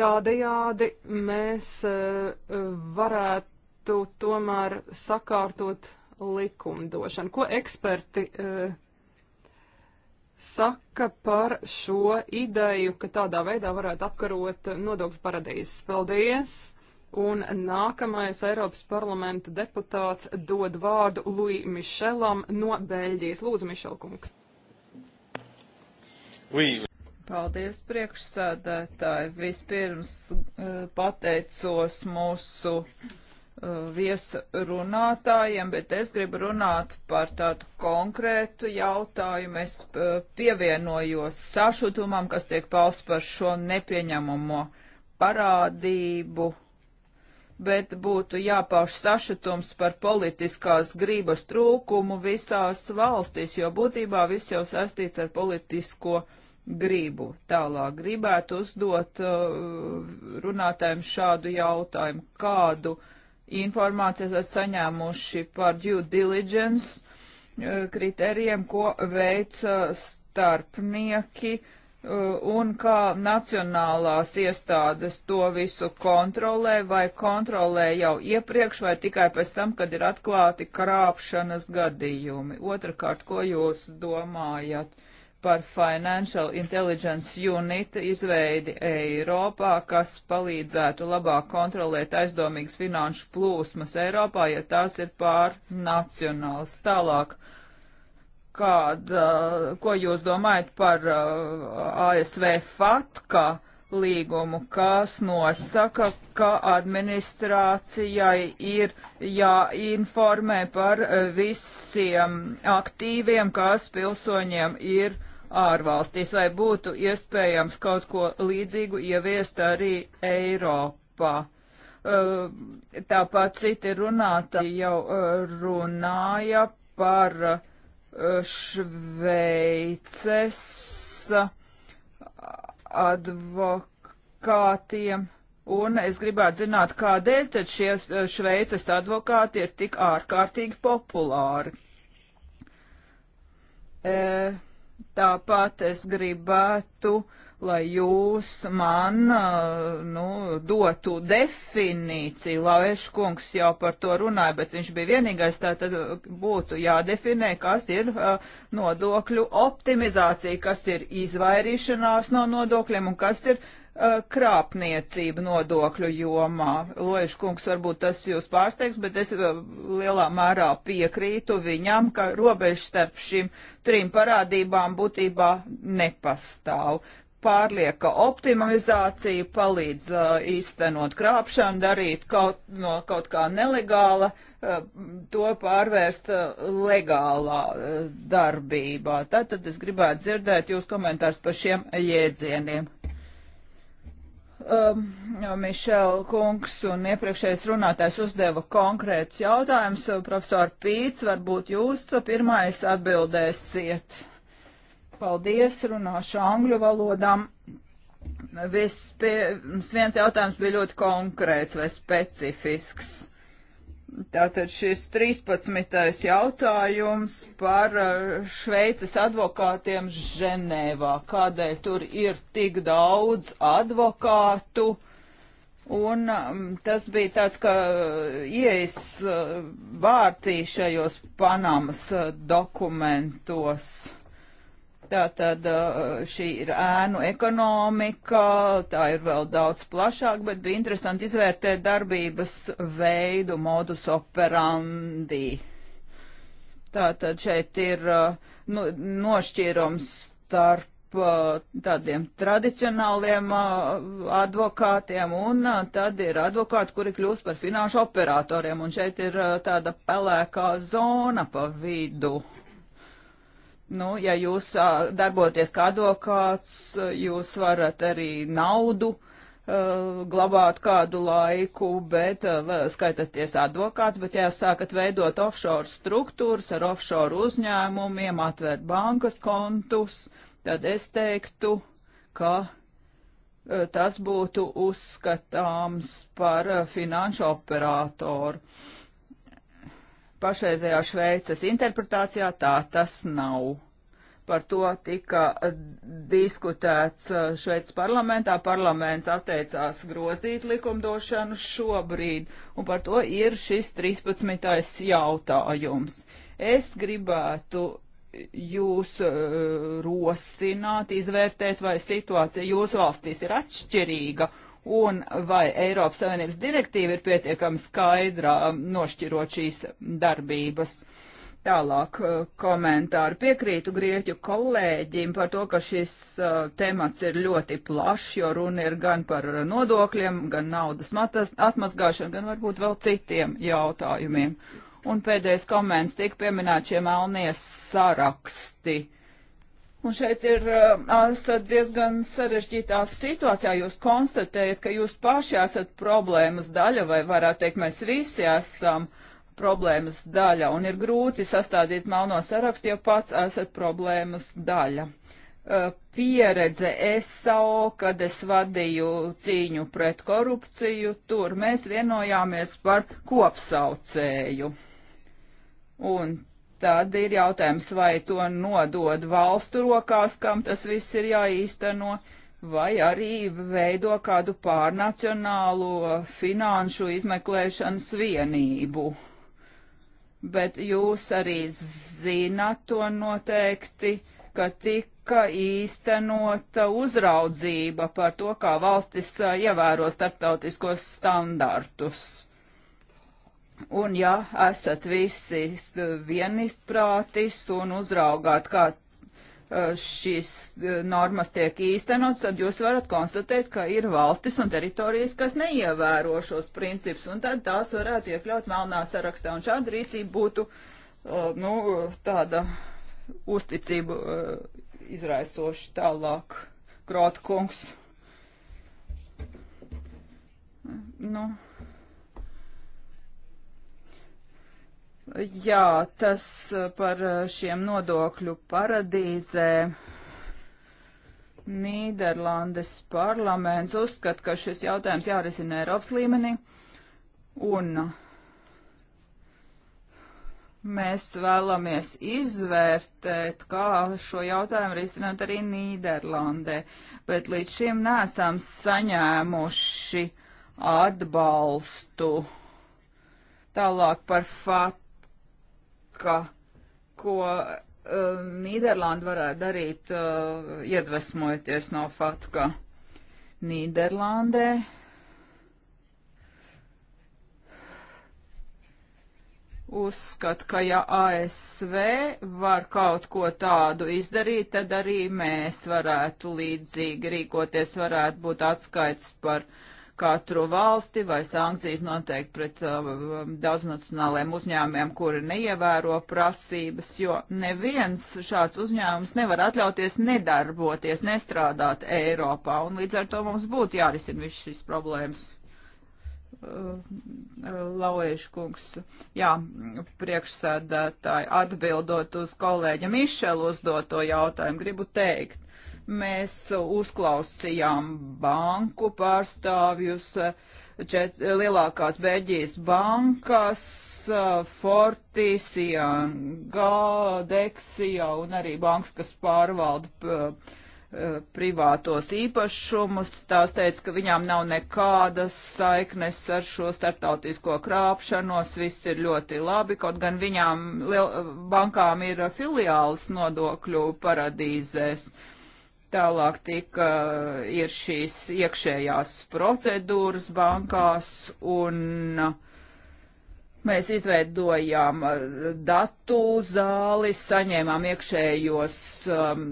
Tādējādi mēs eh, varētu tomēr sakārtot likumdošanu. Ko eksperti eh, saka par šo ideju, ka tādā veidā varētu apkarot nodokļu paradīzes? Paldies! Un nākamais Eiropas parlamenta deputāts dod vārdu Lui Mišelam no Beļģijas. Lūdzu, Mišelkungs. Oui. Paldies, priekšsēdētāji. Vispirms eh, pateicos mūsu eh, viesrunātājiem, bet es gribu runāt par tādu konkrētu jautājumu. Es eh, pievienojos sašutumam, kas tiek pausts par šo nepieņemamo parādību, bet būtu jāpauž sašutums par politiskās grības trūkumu visās valstīs, jo būtībā viss jau saistīts ar politisko grību gribu. Tālāk gribētu uzdot uh, runātājiem šādu jautājumu. Kādu informāciju esat saņēmuši par due diligence uh, kritērijiem, ko veic starpnieki uh, un kā nacionālās iestādes to visu kontrolē vai kontrolē jau iepriekš vai tikai pēc tam, kad ir atklāti krāpšanas gadījumi? Otrakārt, ko jūs domājat? Uh, par Financial Intelligence Unit izveidi Eiropā, kas palīdzētu labāk kontrolēt aizdomīgas finanšu plūsmas Eiropā, ja tās ir pārnacionāls. Tālāk, kāda, ko jūs domājat par uh, ASV FATKA? līgumu, kas nosaka, ka administrācijai ir jāinformē par uh, visiem aktīviem, kas pilsoņiem ir uh, ārvalstīs, vai būtu iespējams kaut ko līdzīgu ieviest arī Eiropā. Uh, tāpat citi runātāji jau uh, runāja par uh, Šveices advokātiem. Un es gribētu zināt, kādēļ tad šie Šveices advokāti ir tik ārkārtīgi populāri. E, Tāpat es gribētu, lai jūs man nu, dotu definīciju. Lauešu kungs jau par to runāja, bet viņš bija vienīgais. Tātad būtu jādefinē, kas ir nodokļu optimizācija, kas ir izvairīšanās no nodokļiem un kas ir Uh, krāpniecību nodokļu jomā. Lojuš kungs, varbūt tas jūs pārsteigs, bet es uh, lielā mērā piekrītu viņam, ka robeža starp šīm trim parādībām būtībā nepastāv. Pārlieka optimizācija palīdz uh, īstenot krāpšanu, darīt kaut, no kaut kā nelegāla, uh, to pārvērst uh, legālā uh, darbībā. Tātad es gribētu dzirdēt jūs komentārus par šiem jēdzieniem um, Mišela kungs un iepriekšējais runātājs uzdeva konkrētus jautājumus. Profesor Pīts, varbūt jūs pirmais atbildēsiet. Paldies, runāšu angļu valodām. Vispirms viens jautājums bija ļoti konkrēts vai specifisks Tātad šis 13. jautājums par uh, Šveices advokātiem Ženēvā. Kādēļ tur ir tik daudz advokātu? Un um, tas bija tāds, ka uh, ieejas uh, vārtī šajos Panamas dokumentos. Tātad uh, šī ir ēnu ekonomika, tā ir vēl daudz plašāk, bet bija interesanti izvērtēt darbības veidu, modus operandi. Tātad šeit ir uh, nu, nošķīrums starp uh, tādiem tradicionāliem advokātiem, un tad ir advokāti, kuri kļūst par finanšu operatoriem, un šeit ir tāda pelēkā zona pa vidu. Nu, ja jūs darboties kā advokāts, jūs varat arī naudu uh, glabāt kādu laiku, bet uh, skaitaties advokāts, bet ja jūs sākat veidot offshore struktūras ar offshore uzņēmumiem, atvērt bankas kontus, tad es teiktu, ka uh, tas būtu uzskatāms par finanšu operātoru. Uh, pašreizējā Šveices interpretācijā tā tas nav. Par to tika diskutēts uh, Šveices parlamentā. Parlaments atteicās grozīt likumdošanu šobrīd, un par to ir šis 13. jautājums. Es gribētu jūs uh, rosināt, izvērtēt, vai situācija jūsu valstīs ir atšķirīga un vai Eiropas Savienības direktīva ir pietiekami skaidrā um, nošķirot šīs darbības. Tālāk uh, komentāru piekrītu grieķu kolēģim par to, ka šis uh, temats ir ļoti plašs, jo runa ir gan par nodokļiem, gan naudas matas, atmazgāšanu, gan varbūt vēl citiem jautājumiem. Un pēdējais koments tika pieminēts šie melnie saraksti. Uh, Un šeit ir esat diezgan sarežģītā situācijā. Jūs konstatējat, ka jūs paši esat problēmas daļa, vai varētu teikt, mēs visi esam problēmas daļa, un ir grūti sastādīt melno sarakstu, ja pats esat problēmas daļa. Pieredze SAO, kad es vadīju cīņu pret korupciju, tur mēs vienojāmies par kopsaucēju. Un Tad ir jautājums, vai to nodod valstu rokās, kam tas viss ir jāīsteno, vai arī veido kādu pārnacionālo finanšu izmeklēšanas vienību. Bet jūs arī zinat to noteikti, ka tika īstenota uzraudzība par to, kā valstis uh, ievēro starptautiskos standartus Un ja esat visi vienisprātis un uzraugāt, kā e, šīs e, normas tiek īstenots, tad jūs varat konstatēt, ka ir valstis un teritorijas, kas neievēro šos principus, un tad tās varētu iekļaut melnā sarakstā. Un šāda rīcība būtu e, nu, tāda uzticību izraisoša tālāk. Krotkungs. Nu. Jā, tas eh, par eh, šiem nodokļu paradīzēm. Nīderlandes parlaments uzskata, ka šis jautājums jārisina Eiropas līmenī, un mēs vēlamies izvērtēt, kā šo jautājumu risināt arī Nīderlandē, bet līdz šim nesam saņēmuši atbalstu. Tālāk par FAT ka, ko uh, eh, Nīderlanda varētu darīt, uh, iedvesmojoties no faktu, ka Nīderlandē uzskata, ka ja ASV var kaut ko tādu izdarīt, tad arī mēs varētu līdzīgi rīkoties, varētu būt atskaits par uh, katru valsti vai sankcijas noteikti pret uh, daudznacionālajiem uzņēmumiem, kuri neievēro prasības, jo neviens šāds uzņēmums nevar atļauties nedarboties, nestrādāt Eiropā, un līdz ar to mums būtu jārisina viss šis problēmas. Uh, uh Lauiešu kungs, jā, priekšsēdētāji, atbildot uz kolēģa Mišelu uzdoto jautājumu, gribu teikt, Mēs uzklausījām banku pārstāvjus, čet, lielākās Beļģijas bankas, Fortis, Gādeksija un arī bankas, kas pārvalda privātos īpašumus. Tās teica, ka viņām nav nekādas saiknes ar šo starptautisko krāpšanos, viss ir ļoti labi, kaut gan viņām liel, bankām ir filiāls nodokļu paradīzēs. Uh, Tālāk tika ir šīs iekšējās procedūras bankās un mēs izveidojām uh, datu zāli, saņēmām iekšējos um,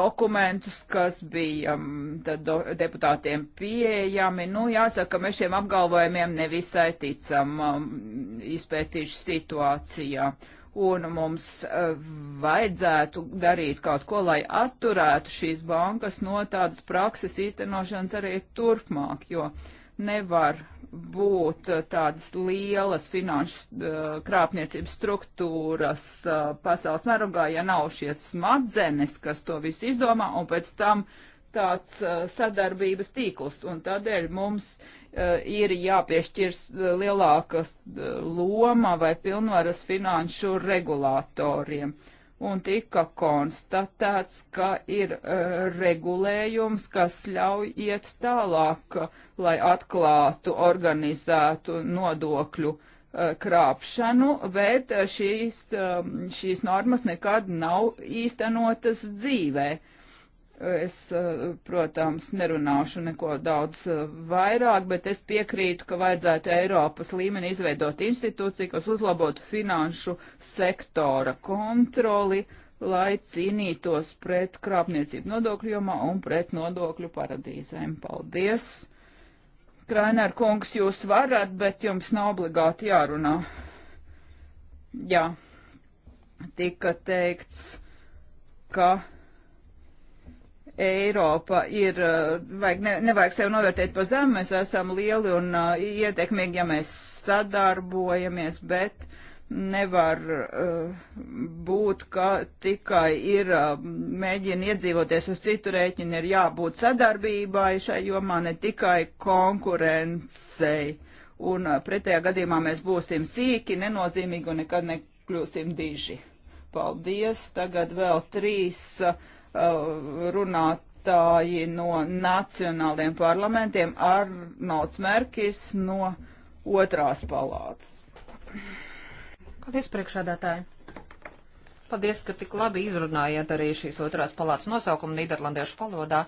dokumentus, kas bija um, do, deputātiem pieejami. Nu, jāsaka, ka mēs šiem apgalvojumiem nevisai ticam um, izpētīšu situācijā. Uh, un mums eh, vajadzētu darīt kaut ko, lai atturētu šīs bankas no tādas prakses īstenošanas arī turpmāk, jo nevar būt eh, tādas lielas finanšu eh, krāpniecības struktūras pasaules mērogā, ja nav šie smadzenes, kas to visu izdomā, un pēc tam uh, tāds uh, sadarbības tīkls, un tādēļ mums uh, ir jāpiešķirs uh, lielākas loma vai pilnvaras finanšu regulātoriem. Un tika konstatēts, ka ir regulējums, kas ļauj iet tālāk, lai atklātu organizētu nodokļu krāpšanu, bet šīs, um, šīs normas nekad nav īstenotas dzīvē. Uh, Es, eh, protams, nerunāšu neko daudz eh, vairāk, bet es piekrītu, ka vajadzētu Eiropas līmeni izveidot institūciju, kas uzlabotu finanšu sektora kontroli, lai cīnītos pret krāpniecību nodokļu jomā un pret nodokļu paradīzēm. Paldies! Krainer kungs, jūs varat, bet jums nav obligāti jārunā. Jā, tika teikts, ka Eiropa ir, eh, vajag, ne, nevajag sevi novērtēt pa zemu, mēs esam lieli un uh, ietekmīgi, ja mēs sadarbojamies, bet nevar uh, būt, ka tikai ir uh, mēģina iedzīvoties uz citu rēķinu, ir jābūt sadarbībai šai jomā, ne tikai konkurencei. Un uh, pretējā gadījumā mēs būsim sīki, nenozīmīgi un nekad nekļūsim diži. Paldies! Tagad vēl trīs. Uh, Uh, runātāji no nacionāliem parlamentiem Arnolds Merkis no otrās palātas. Paldies, priekšādātāji! Paldies, ka tik labi izrunājāt arī šīs otrās palātas nosaukumu Nīderlandiešu valodā.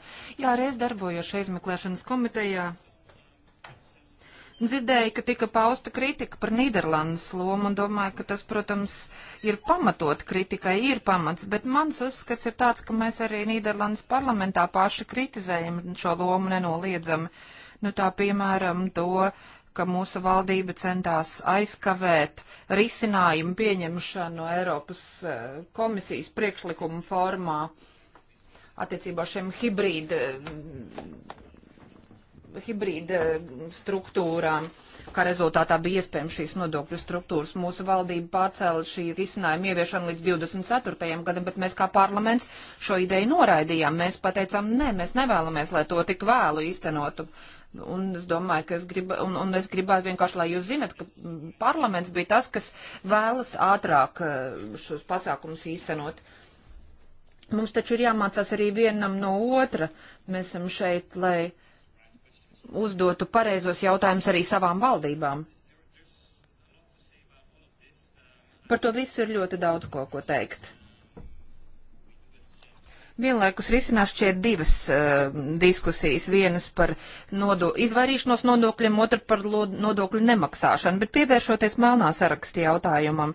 Jā, reiz darbojošais izmeklēšanas komitejā Dzirdēju, ka tika pausta kritika par Nīderlandes lomu un domāju, ka tas, protams, ir pamatot kritikai, ir pamats, bet mans uzskats ir tāds, ka mēs arī Nīderlandes parlamentā paši kritizējam šo lomu nenoliedzami. Nu tā, piemēram, to, ka mūsu valdība centās aizkavēt risinājumu pieņemšanu no Eiropas eh, komisijas priekšlikumu formā attiecībā šiem hibrīda eh, hibrīda struktūrām, kā rezultātā bija iespējams šīs nodokļu struktūras. Mūsu valdība pārcēla šī risinājuma ieviešanu līdz 24. gadam, bet mēs kā parlaments šo ideju noraidījām. Mēs pateicām, nē, mēs nevēlamies, lai to tik vēlu īstenotu. Un es domāju, ka es, grib, un, un es gribētu vienkārši, lai jūs zinat, ka parlaments bija tas, kas vēlas ātrāk eh, šos pasākumus īstenot. Mums taču ir jāmācās arī vienam no otra. Mēs esam šeit, lai uh, uzdotu pareizos jautājumus arī savām valdībām. Par to visu ir ļoti daudz ko, ko teikt. Vienlaikus risinās šķiet divas uh, diskusijas. Vienas par nodo izvairīšanos nodokļiem, otra par nodokļu nemaksāšanu, bet pievēršoties melnā saraksta jautājumam.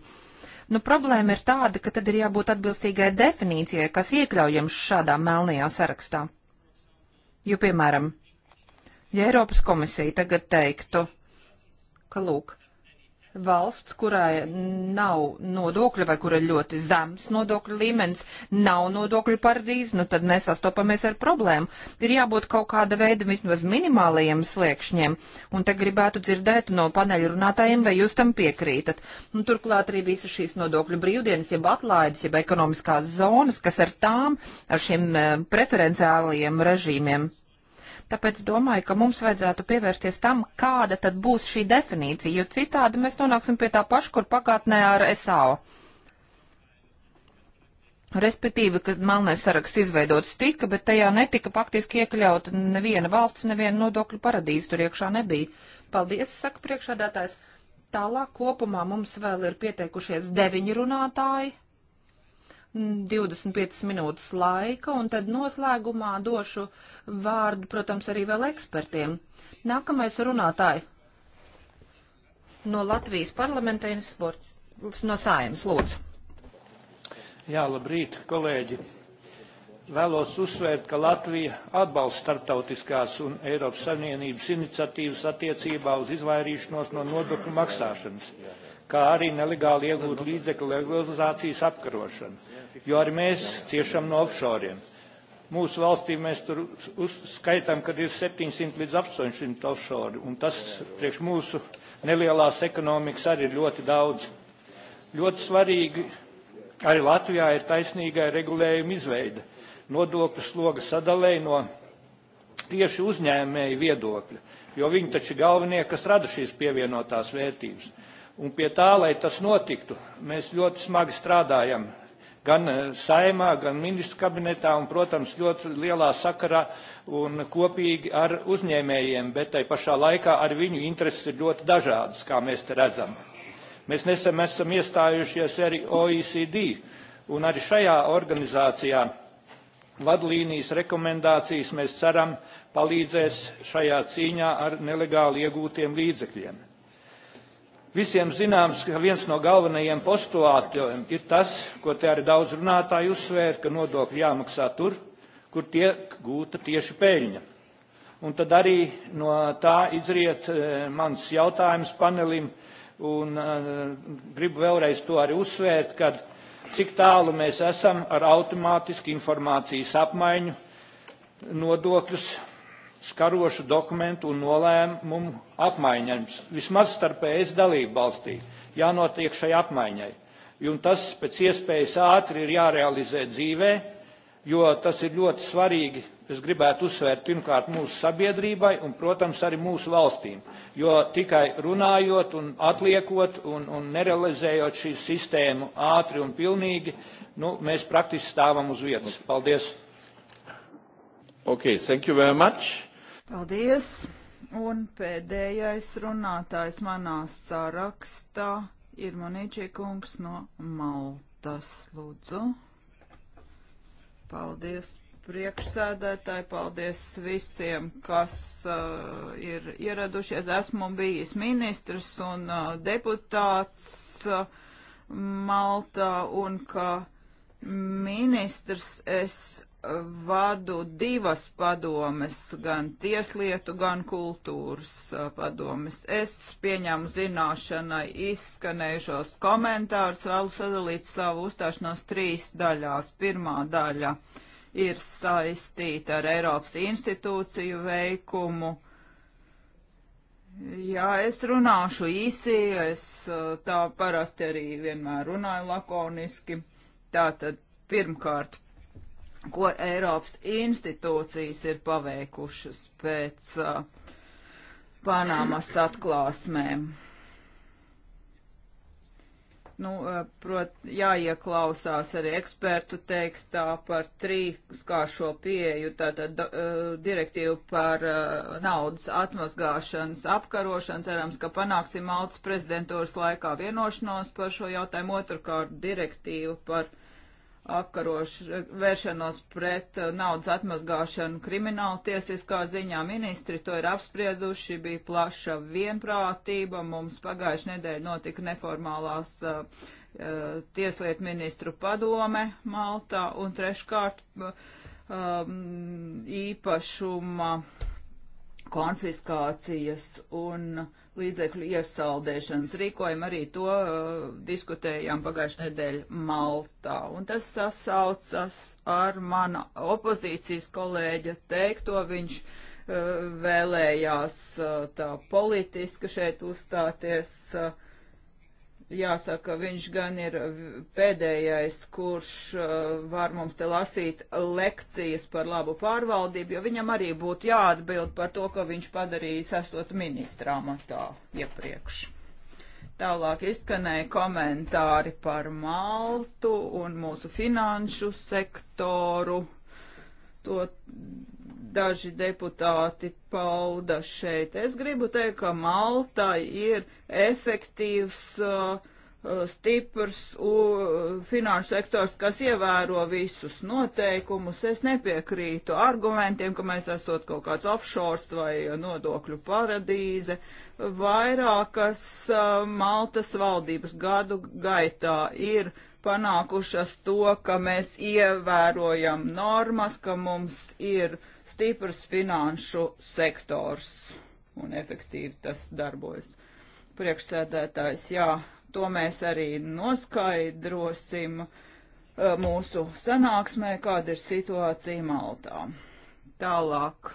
Nu, problēma ir tāda, ka tad ir jābūt atbilstīgai definīcijai, kas iekļaujams šādā melnajā sarakstā. Jo, piemēram, Ja Eiropas komisija tagad teiktu, ka lūk, valsts, kurā nav nodokļu vai kur ir ļoti zems nodokļu līmenis, nav nodokļu paradīze, nu tad mēs sastopamies ar problēmu. Ir jābūt kaut kāda veida vismaz minimālajiem sliekšņiem, un te gribētu dzirdēt no paneļu runātājiem, vai jūs tam piekrītat. Un nu, turklāt arī visas šīs nodokļu brīvdienas, jeb atlaides, jeb ekonomiskās zonas, kas ar tām, ar šiem eh, preferenciālajiem režīmiem Tāpēc domāju, ka mums vajadzētu pievērsties tam, kāda tad būs šī definīcija, jo citādi mēs nonāksim pie tā paša, kur pagātnē ar SAO. Respektīvi, kad melnais saraksts izveidots tika, bet tajā netika faktiski iekļauta neviena valsts, neviena nodokļu paradīze tur iekšā nebija. Paldies, saka priekšādātājs. Tālāk kopumā mums vēl ir pieteikušies deviņi runātāji. 25 minūtes laika, un tad noslēgumā došu vārdu, protams, arī vēl ekspertiem. Nākamais runātāji no Latvijas parlamenta sports, no Sājumas, lūdzu. Jā, labrīt, kolēģi. Vēlos uzsvērt, ka Latvija atbalsta starptautiskās un Eiropas Savienības iniciatīvas attiecībā uz izvairīšanos no nodokļu maksāšanas, kā arī nelegāli iegūt līdzekļu legalizācijas apkarošanu jo arī mēs ciešam no offshoriem. Mūsu valstī mēs tur uzskaitām, ka ir 700 līdz 800 offshore, un tas priekš mūsu nelielās ekonomikas arī ir ļoti daudz. Ļoti svarīgi arī Latvijā ir taisnīgai regulējuma izveida, nodokļu sloga sadalē no tieši uzņēmēju viedokļa, jo viņi taču ir galvenie, kas rada šīs pievienotās vērtības. Un pie tā, lai tas notiktu, mēs ļoti smagi strādājam gan eh, saimā, gan ministru kabinetā un, protams, ļoti lielā sakarā un kopīgi ar uzņēmējiem, bet tai pašā laikā ar viņu intereses ir ļoti dažādas, kā mēs te redzam. Mēs nesam esam iestājušies arī OECD, un arī šajā organizācijā vadlīnijas rekomendācijas mēs ceram palīdzēs šajā cīņā ar nelegāli iegūtiem līdzekļiem. Visiem zināms, ka viens no galvenajiem postulātiem ir tas, ko te arī daudz runātāji uzsvēra, ka nodokļi jāmaksā tur, kur tiek gūta tieši peļņa. Un tad arī no tā izriet eh, mans jautājums panelim, un eh, gribu vēlreiz to arī uzsvērt, kad cik tālu mēs esam ar automātisku informācijas apmaiņu nodokļus skarošu dokumentu un nolēmumu apmaiņams vismaz starp ES dalību valstī jānotiek šai apmaiņai. Un tas pēc iespējas ātri ir jārealizē dzīvē, jo tas ir ļoti svarīgi. Es gribētu uzsvērt pirmkārt mūsu sabiedrībai un, protams, arī mūsu valstīm, jo tikai runājot un atliekot un, un nerealizējot šī sistēmu ātri un pilnīgi, nu, mēs praktiski stāvam uz vietas. Paldies! Okay, thank you very much. Paldies! Un pēdējais runātājs manā sarakstā ir Monīčī kungs no Maltas. Lūdzu! Paldies priekšsēdētāji, paldies visiem, kas uh, ir ieradušies. Esmu bijis ministrs un uh, deputāts uh, Maltā un kā ministrs es vadu divas padomes, gan tieslietu, gan kultūras padomes. Es pieņemu zināšanai izskanējušos komentārus, vēlu sadalīt savu uzstāšanos trīs daļās. Pirmā daļa ir saistīta ar Eiropas institūciju veikumu. Jā, es runāšu īsi, es tā parasti arī vienmēr runāju lakoniski. Tātad pirmkārt ko Eiropas institūcijas ir paveikušas pēc uh, Panāmas atklāsmēm. Nu, uh, prot, jāieklausās arī ekspertu teiktā par trīskāršo pieeju, tātad uh, direktīvu par uh, naudas atmazgāšanas apkarošanu. Cerams, ka panāksim Maltas prezidentūras laikā vienošanos par šo jautājumu. Otrkārt, direktīvu par uh, apkarošu, vēršanos pret uh, naudas atmazgāšanu krimināla tiesiskā ziņā. Ministri to ir apsprieduši, bija plaša vienprātība. Mums pagājuši nedēļa notika neformālās uh, uh, tieslietu ministru padome Maltā un treškārt uh, um, īpašuma. Uh, konfiskācijas un līdzekļu iesaldēšanas rīkojumu. Arī to uh, diskutējām pagājušajā nedēļā Maltā. Un tas sasaucas ar mana opozīcijas kolēģa teikto. Viņš uh, vēlējās uh, tā politiski šeit uzstāties. Uh, jāsaka, viņš gan ir pēdējais, kurš uh, var mums te lasīt lekcijas par labu pārvaldību, jo viņam arī būtu jāatbild par to, ko viņš padarījis esot ministrā matā iepriekš. Tālāk izskanēja komentāri par Maltu un mūsu finanšu sektoru. To daži deputāti pauda šeit. Es gribu teikt, ka Malta ir efektīvs, uh, uh, stiprs finanšu sektors, kas ievēro visus noteikumus. Es nepiekrītu argumentiem, ka mēs esot kaut kāds offshore vai nodokļu paradīze. Vairākas uh, Maltas valdības gadu gaitā ir panākušas to, ka mēs ievērojam normas, ka mums ir uh, stiprs finanšu sektors un efektīvi tas darbojas. Priekšsēdētājs, jā, to mēs arī noskaidrosim uh, mūsu sanāksmē, kāda ir situācija Maltā. Tālāk.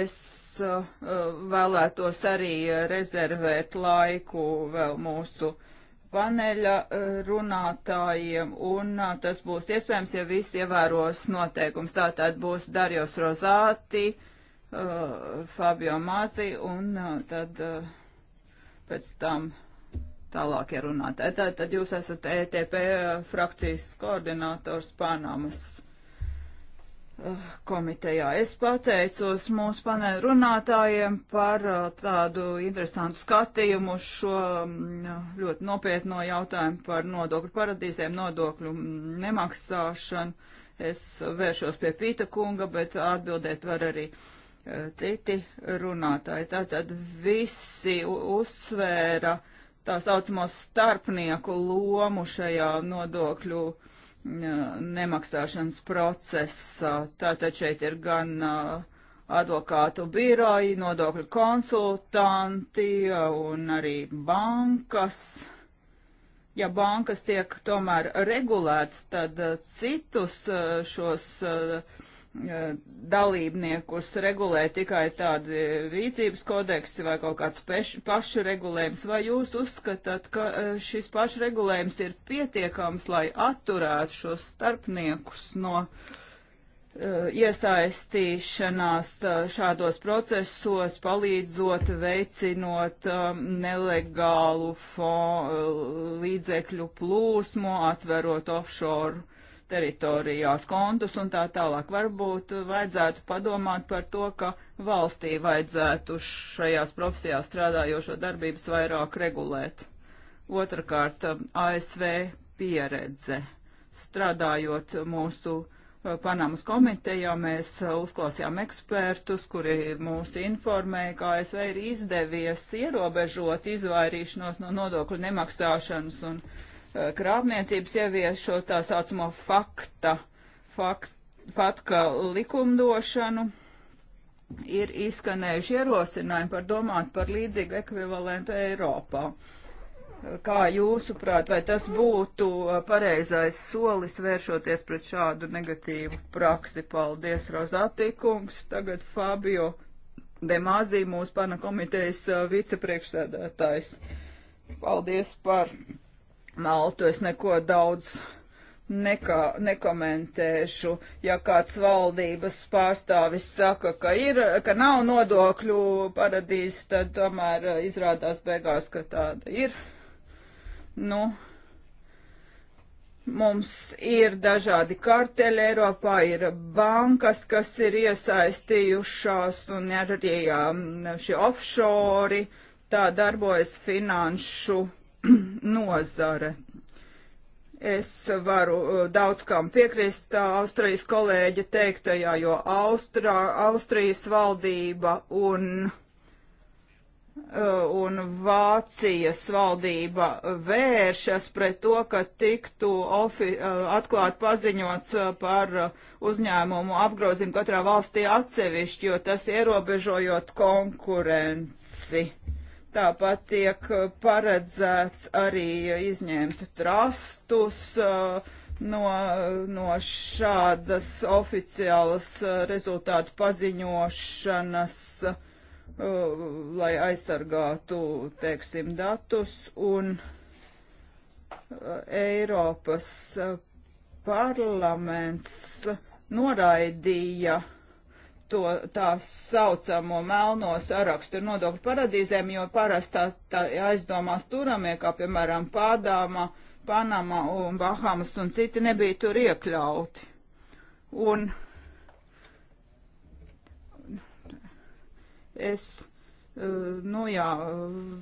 Es uh, uh vēlētos arī uh, rezervēt laiku vēl mūsu uh, paneļa eh, runātājiem, un eh, tas būs iespējams, ja visi ievēros noteikums. Tātad būs Darjos Rozāti, eh, Fabio Mazi, un tad pēc tam tālākie runātāji. Tātad jūs esat ETP frakcijas koordinators Panamas. Eh, komitejā. Es pateicos mūsu panēļ runātājiem par eh, tādu interesantu skatījumu uz šo mm, eh, ļoti nopietno jautājumu par nodokļu paradīzēm, nodokļu mm, nemaksāšanu. Es vēršos pie Pīta kunga, bet atbildēt var arī citi runātāji. Tātad visi uzsvēra tā saucamo starpnieku lomu šajā nodokļu uh, nemaksāšanas procesā. Tātad šeit ir gan advokātu biroji, nodokļu konsultanti un arī bankas ja bankas tiek tomēr regulētas, tad citus šos uh, dalībniekus regulē tikai tādi rīcības kodeksi vai kaut kāds peš, pašregulējums, vai jūs uzskatāt, ka e, šis pašregulējums ir pietiekams, lai atturētu šos starpniekus no uh, iesaistīšanās e, šādos procesos, palīdzot, veicinot um, nelegālu fo, līdzekļu plūsmu, atverot offshore teritorijās kontus un tā tālāk. Varbūt vajadzētu padomāt par to, ka valstī vajadzētu šajās profesijās strādājošo darbības vairāk regulēt. Otrakārt, ASV pieredze. Strādājot mūsu eh, Panamas komitejā mēs eh, uzklausījām ekspertus, kuri mūs informēja, ka ASV ir izdevies ierobežot izvairīšanos no nodokļu nemaksāšanas un uh, krāpniecības ieviešot tā saucamo fakta, fakt, fatka likumdošanu. Ir izskanējuši ierosinājumi par domāt par līdzīgu ekvivalentu Eiropā. Kā jūsuprāt, vai tas būtu pareizais solis vēršoties pret šādu negatīvu praksi? Paldies, Rozatīkungs. Tagad Fabio Demāzī, mūsu pana komitejas uh, vicepriekšsēdētājs. Paldies par maltu. Es neko daudz nekā, nekomentēšu. Ja kāds valdības pārstāvis saka, ka, ir, ka nav nodokļu paradīze, tad tomēr uh, izrādās beigās, ka tāda ir. Nu, mums ir dažādi karteļi Eiropā, ir bankas, kas ir iesaistījušās un arī jā, um, šie offshore, tā darbojas finanšu nozare. Es varu uh, daudz kam piekrist uh, Austrijas kolēģa teiktajā, jo Austra, Austrijas valdība un, uh, un Vācijas valdība vēršas pret to, ka tiktu ofi, atklāt paziņots par uzņēmumu apgrozījumu katrā valstī atsevišķi, jo tas ierobežojot konkurenci. Tāpat tiek uh, paredzēts arī uh, izņemt trastus uh, no, no šādas oficiālas rezultātu paziņošanas, lai aizsargātu, teiksim, datus un Eiropas parlaments noraidīja uh, to tā saucamo melno sarakstu ar nodokļu paradīzēm, jo parasti tās tā aizdomās turamie, kā piemēram Pādāma, Panama un Bahamas un citi nebija tur iekļauti. Un es Eh, nu jā,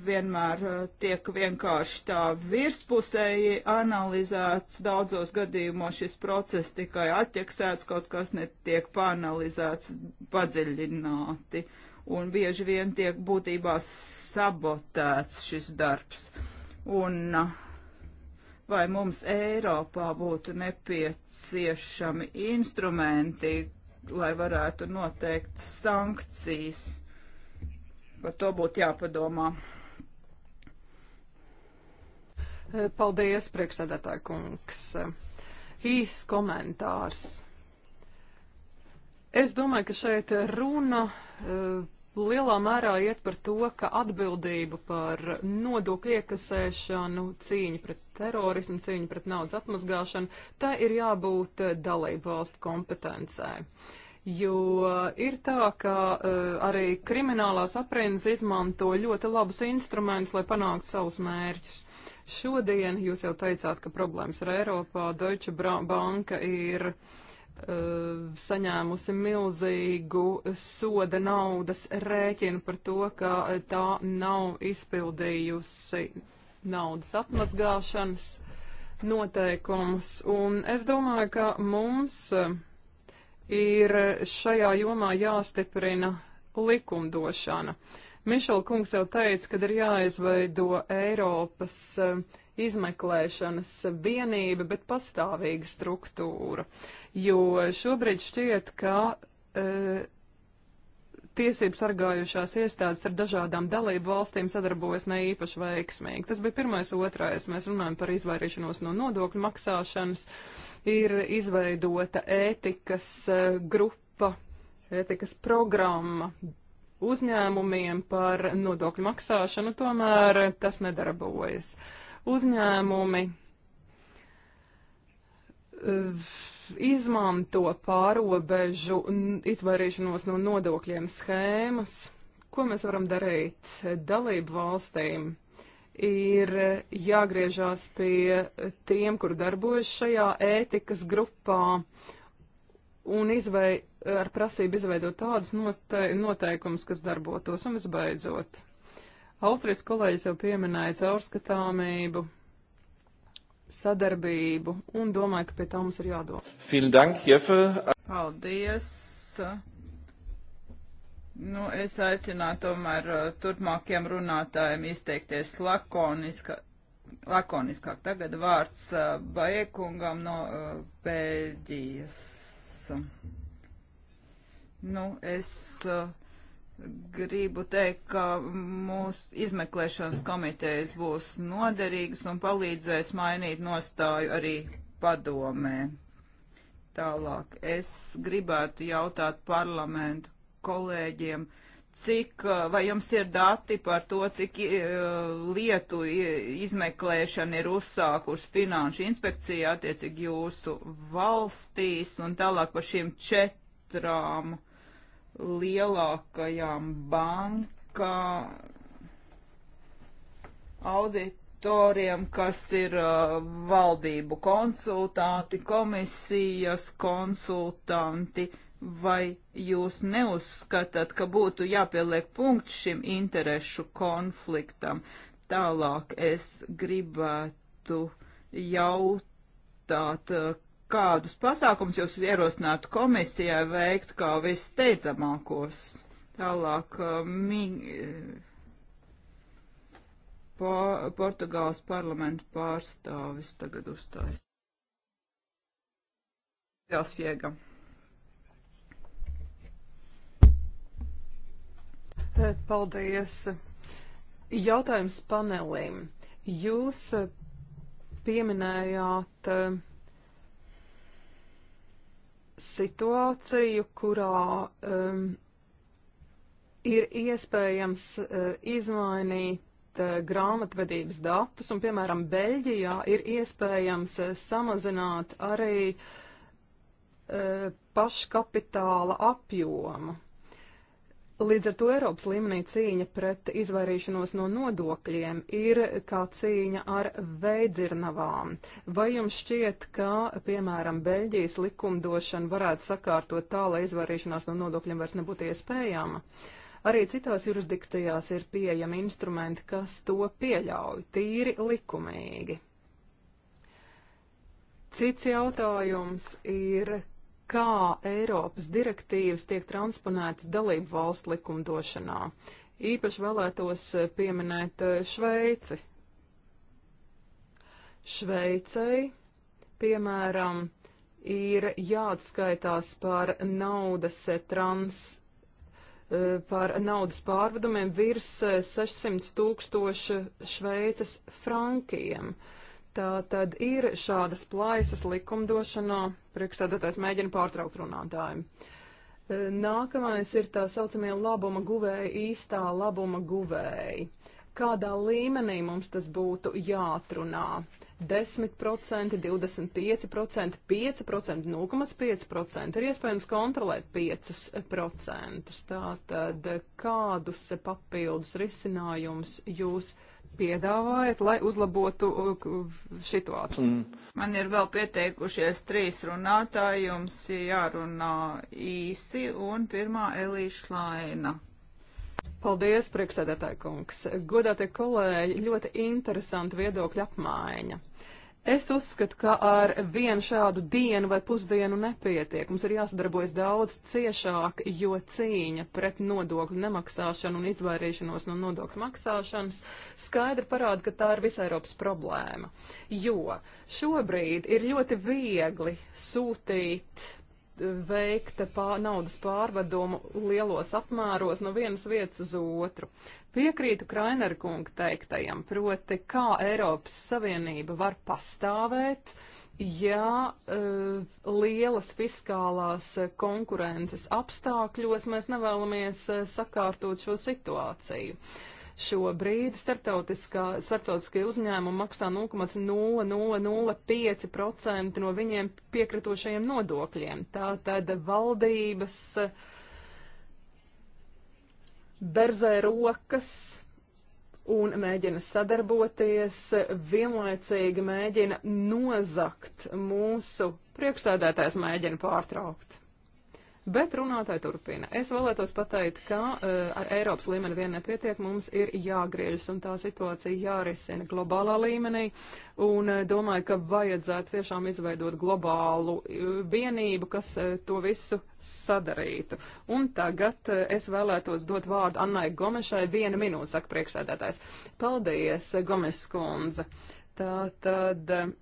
vienmēr eh, tiek vienkārši tā virspusēji analizēts. Daudzos gadījumos šis process tikai atķeksēts, kaut kas netiek panalizēts padziļināti. Un bieži vien tiek būtībā sabotēts šis darbs. Un eh, vai mums Eiropā būtu nepieciešami instrumenti, lai varētu noteikt sankcijas? Par to būtu jāpadomā. Paldies, priekšsēdētāja kungs. Īs komentārs. Es domāju, ka šeit runa eh, lielā mērā iet par to, ka atbildība par nodokļu iekasēšanu, cīņa pret terorismu, cīņa pret naudas atmazgāšanu, tā ir jābūt eh, dalību valstu kompetencē. Uh, jo ir tā, ka uh, arī kriminālās aprindas izmanto ļoti labus instrumentus, lai panāktu savus mērķus. Šodien jūs jau teicāt, ka problēmas ir Eiropā. Deutsche Banka ir uh, saņēmusi milzīgu soda naudas rēķinu par to, ka tā nav izpildījusi naudas apmazgāšanas noteikumus. Un es domāju, ka mums. Uh, ir šajā jomā jāstiprina likumdošana. Mišela kungs jau teica, ka ir jāizveido Eiropas eh, izmeklēšanas vienība, bet pastāvīga struktūra, jo šobrīd šķiet, ka e, tiesību sargājušās iestādes ar dažādām dalību valstīm sadarbojas ne īpaši veiksmīgi. Tas bija pirmais, otrais. Mēs runājam par izvairīšanos no nodokļu maksāšanas. Uh, ir izveidota ētikas eh, grupa, ētikas programma uzņēmumiem par nodokļu maksāšanu, tomēr tas nedarbojas. Uzņēmumi eh, izmanto pārobežu izvairīšanos no nodokļiem schēmas. Ko mēs varam darīt dalību valstīm? ir jāgriežās pie tiem, kur darbojas šajā ētikas grupā un izvei, ar prasību izveidot tādus note, noteikumus, kas darbotos. Un visbeidzot, Austrijas kolēģis jau pieminēja caurskatāmību, sadarbību un domāju, ka pie tā mums ir jādomā. Paldies! Nu, es aicinātu tomēr uh, turpmākiem runātājiem izteikties lakoniska, lakoniskāk. Tagad vārds uh, Baekungam no uh, Bēļģijas. Nu, es gribu teikt, ka mūsu izmeklēšanas komitejas būs noderīgas un palīdzēs mainīt nostāju arī padomē. Tālāk es gribētu jautāt parlamentu kolēģiem, cik, eh, vai jums ir dati par to, cik eh, lietu izmeklēšana ir uzsākusi Finanšu inspekcija, attiecīgi jūsu valstīs, un tālāk par šīm četrām lielākajām bankām auditoriem, kas ir uh, valdību konsultanti, komisijas konsultanti. Uh, Vai jūs neuzskatāt, ka būtu jāpieliek punkts šim interešu konfliktam? Tālāk es gribētu jautāt, eh, kādus pasākums jūs ierosinātu komisijai veikt kā visteidzamākos? Tālāk, eh, mi, po, Portugāles parlamentu pārstāvis tagad uzstājas. Jāsviegam. Paldies. Jautājums panelim. Jūs eh, pieminējāt eh, situāciju, kurā um, ir iespējams uh, izmainīt uh, grāmatvedības datus, un, piemēram, Beļģijā ir iespējams uh, samazināt arī uh, paškapitāla apjomu. Līdz ar to Eiropas līmenī cīņa pret izvairīšanos no nodokļiem ir kā cīņa ar veidzirnavām. Vai jums šķiet, ka, piemēram, Beļģijas likumdošana varētu sakārtot tā, lai izvairīšanās no nodokļiem vairs nebūtu iespējama? Arī citās jurisdikcijās ir pieejami instrumenti, kas to pieļauj tīri likumīgi. Cits jautājums ir, kā Eiropas direktīvas tiek transponētas dalību valstu likumdošanā. Īpaši vēlētos eh, pieminēt eh, Šveici. Šveicei, piemēram, ir jāatskaitās par naudas eh, trans, par naudas pārvedumiem virs 600 tūkstoši Šveices frankiem. Uh, Tā tad ir šādas plaisas likumdošanā, priekšsēdētājs mēģina pārtraukt runātājiem. E, nākamais ir tā saucamie labuma guvēji, īstā labuma guvēji. Kādā līmenī mums tas būtu jāatrunā? 10%, 25%, 5%, 0,5% ir iespējams kontrolēt 5%. Tātad kādus papildus risinājumus jūs piedāvājat, lai uzlabotu uh, situāciju? Man ir vēl pieteikušies trīs runātāji, jums jārunā īsi, un pirmā Elīša Laina. Paldies, priekšsēdētāji kungs. Godātie kolēģi, ļoti interesanti viedokļa apmaiņa. Es uzskatu, ka ar vienu šādu dienu vai pusdienu nepietiek. Mums ir jāsadarbojas daudz ciešāk, jo cīņa pret nodokļu nemaksāšanu un izvairīšanos no nodokļu maksāšanas skaidri parāda, ka tā ir visa Eiropas problēma. Jo šobrīd ir ļoti viegli sūtīt veikta pār, naudas pārvadumu lielos apmēros no vienas vietas uz otru. Piekrītu Krainera kunga teiktajam, proti, kā Eiropas Savienība var pastāvēt, ja uh, lielas fiskālās konkurences apstākļos mēs nevēlamies uh, sakārtot šo situāciju. Uh, Šobrīd starptautiskie uzņēmumi maksā 0,005% no viņiem piekritošajiem nodokļiem. Tātad valdības berzē rokas un mēģina sadarboties, vienlaicīgi mēģina nozakt mūsu priekšsēdētājs mēģina pārtraukt. Bet runātāji turpina. Es vēlētos pateikt, ka uh, ar Eiropas līmeni vien nepietiek, mums ir jāgriežas un tā situācija jārisina globālā līmenī. Un uh, domāju, ka vajadzētu tiešām izveidot globālu uh, vienību, kas uh, to visu sadarītu. Un tagad uh, es vēlētos dot vārdu Annai Gomešai. Viena minūte, saka priekšsēdētājs. Paldies, Gomes skundze. Tā tad. Uh,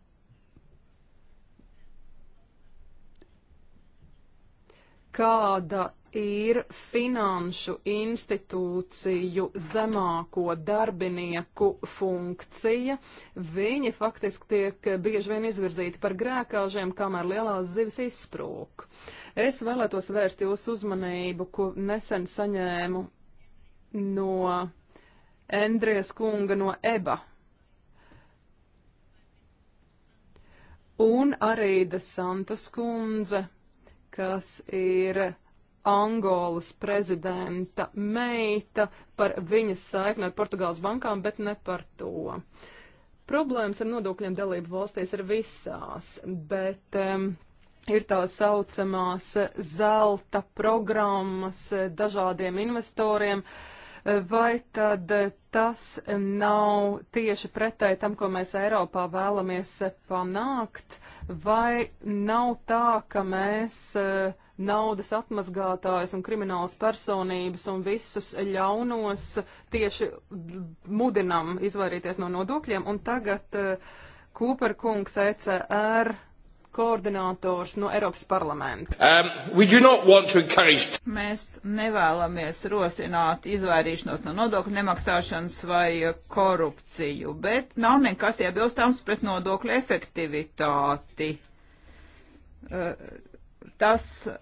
kāda ir finanšu institūciju zemāko darbinieku funkcija. Viņi faktiski tiek bieži vien izvirzīti par grēkāžiem, kamēr lielās zivis izsprūk. Es vēlētos vērst jūsu uzmanību, ko nesen saņēmu no Endries kunga no EBA. Un arī De Santas kundze kas ir Angolas prezidenta meita par viņas saikni ar Portugāles bankām, bet ne par to. Problēmas ar nodokļiem dalību valstīs ir visās, bet um, ir tā saucamās zelta programmas eh, dažādiem investoriem. Uh, vai tad tas nav tieši pretēji tam, ko mēs Eiropā vēlamies panākt, vai nav tā, ka mēs e, naudas atmazgātājs un krimināls personības un visus ļaunos tieši mudinam izvairīties no nodokļiem. Un tagad e, Kūperkungs ECR koordinators no Eiropas parlamenta. Um, encourage... Mēs nevēlamies rosināt izvairīšanos no nodokļu nemaksāšanas vai korupciju, bet nav nekas iebilstams pret nodokļu efektivitāti. Uh, tas eh,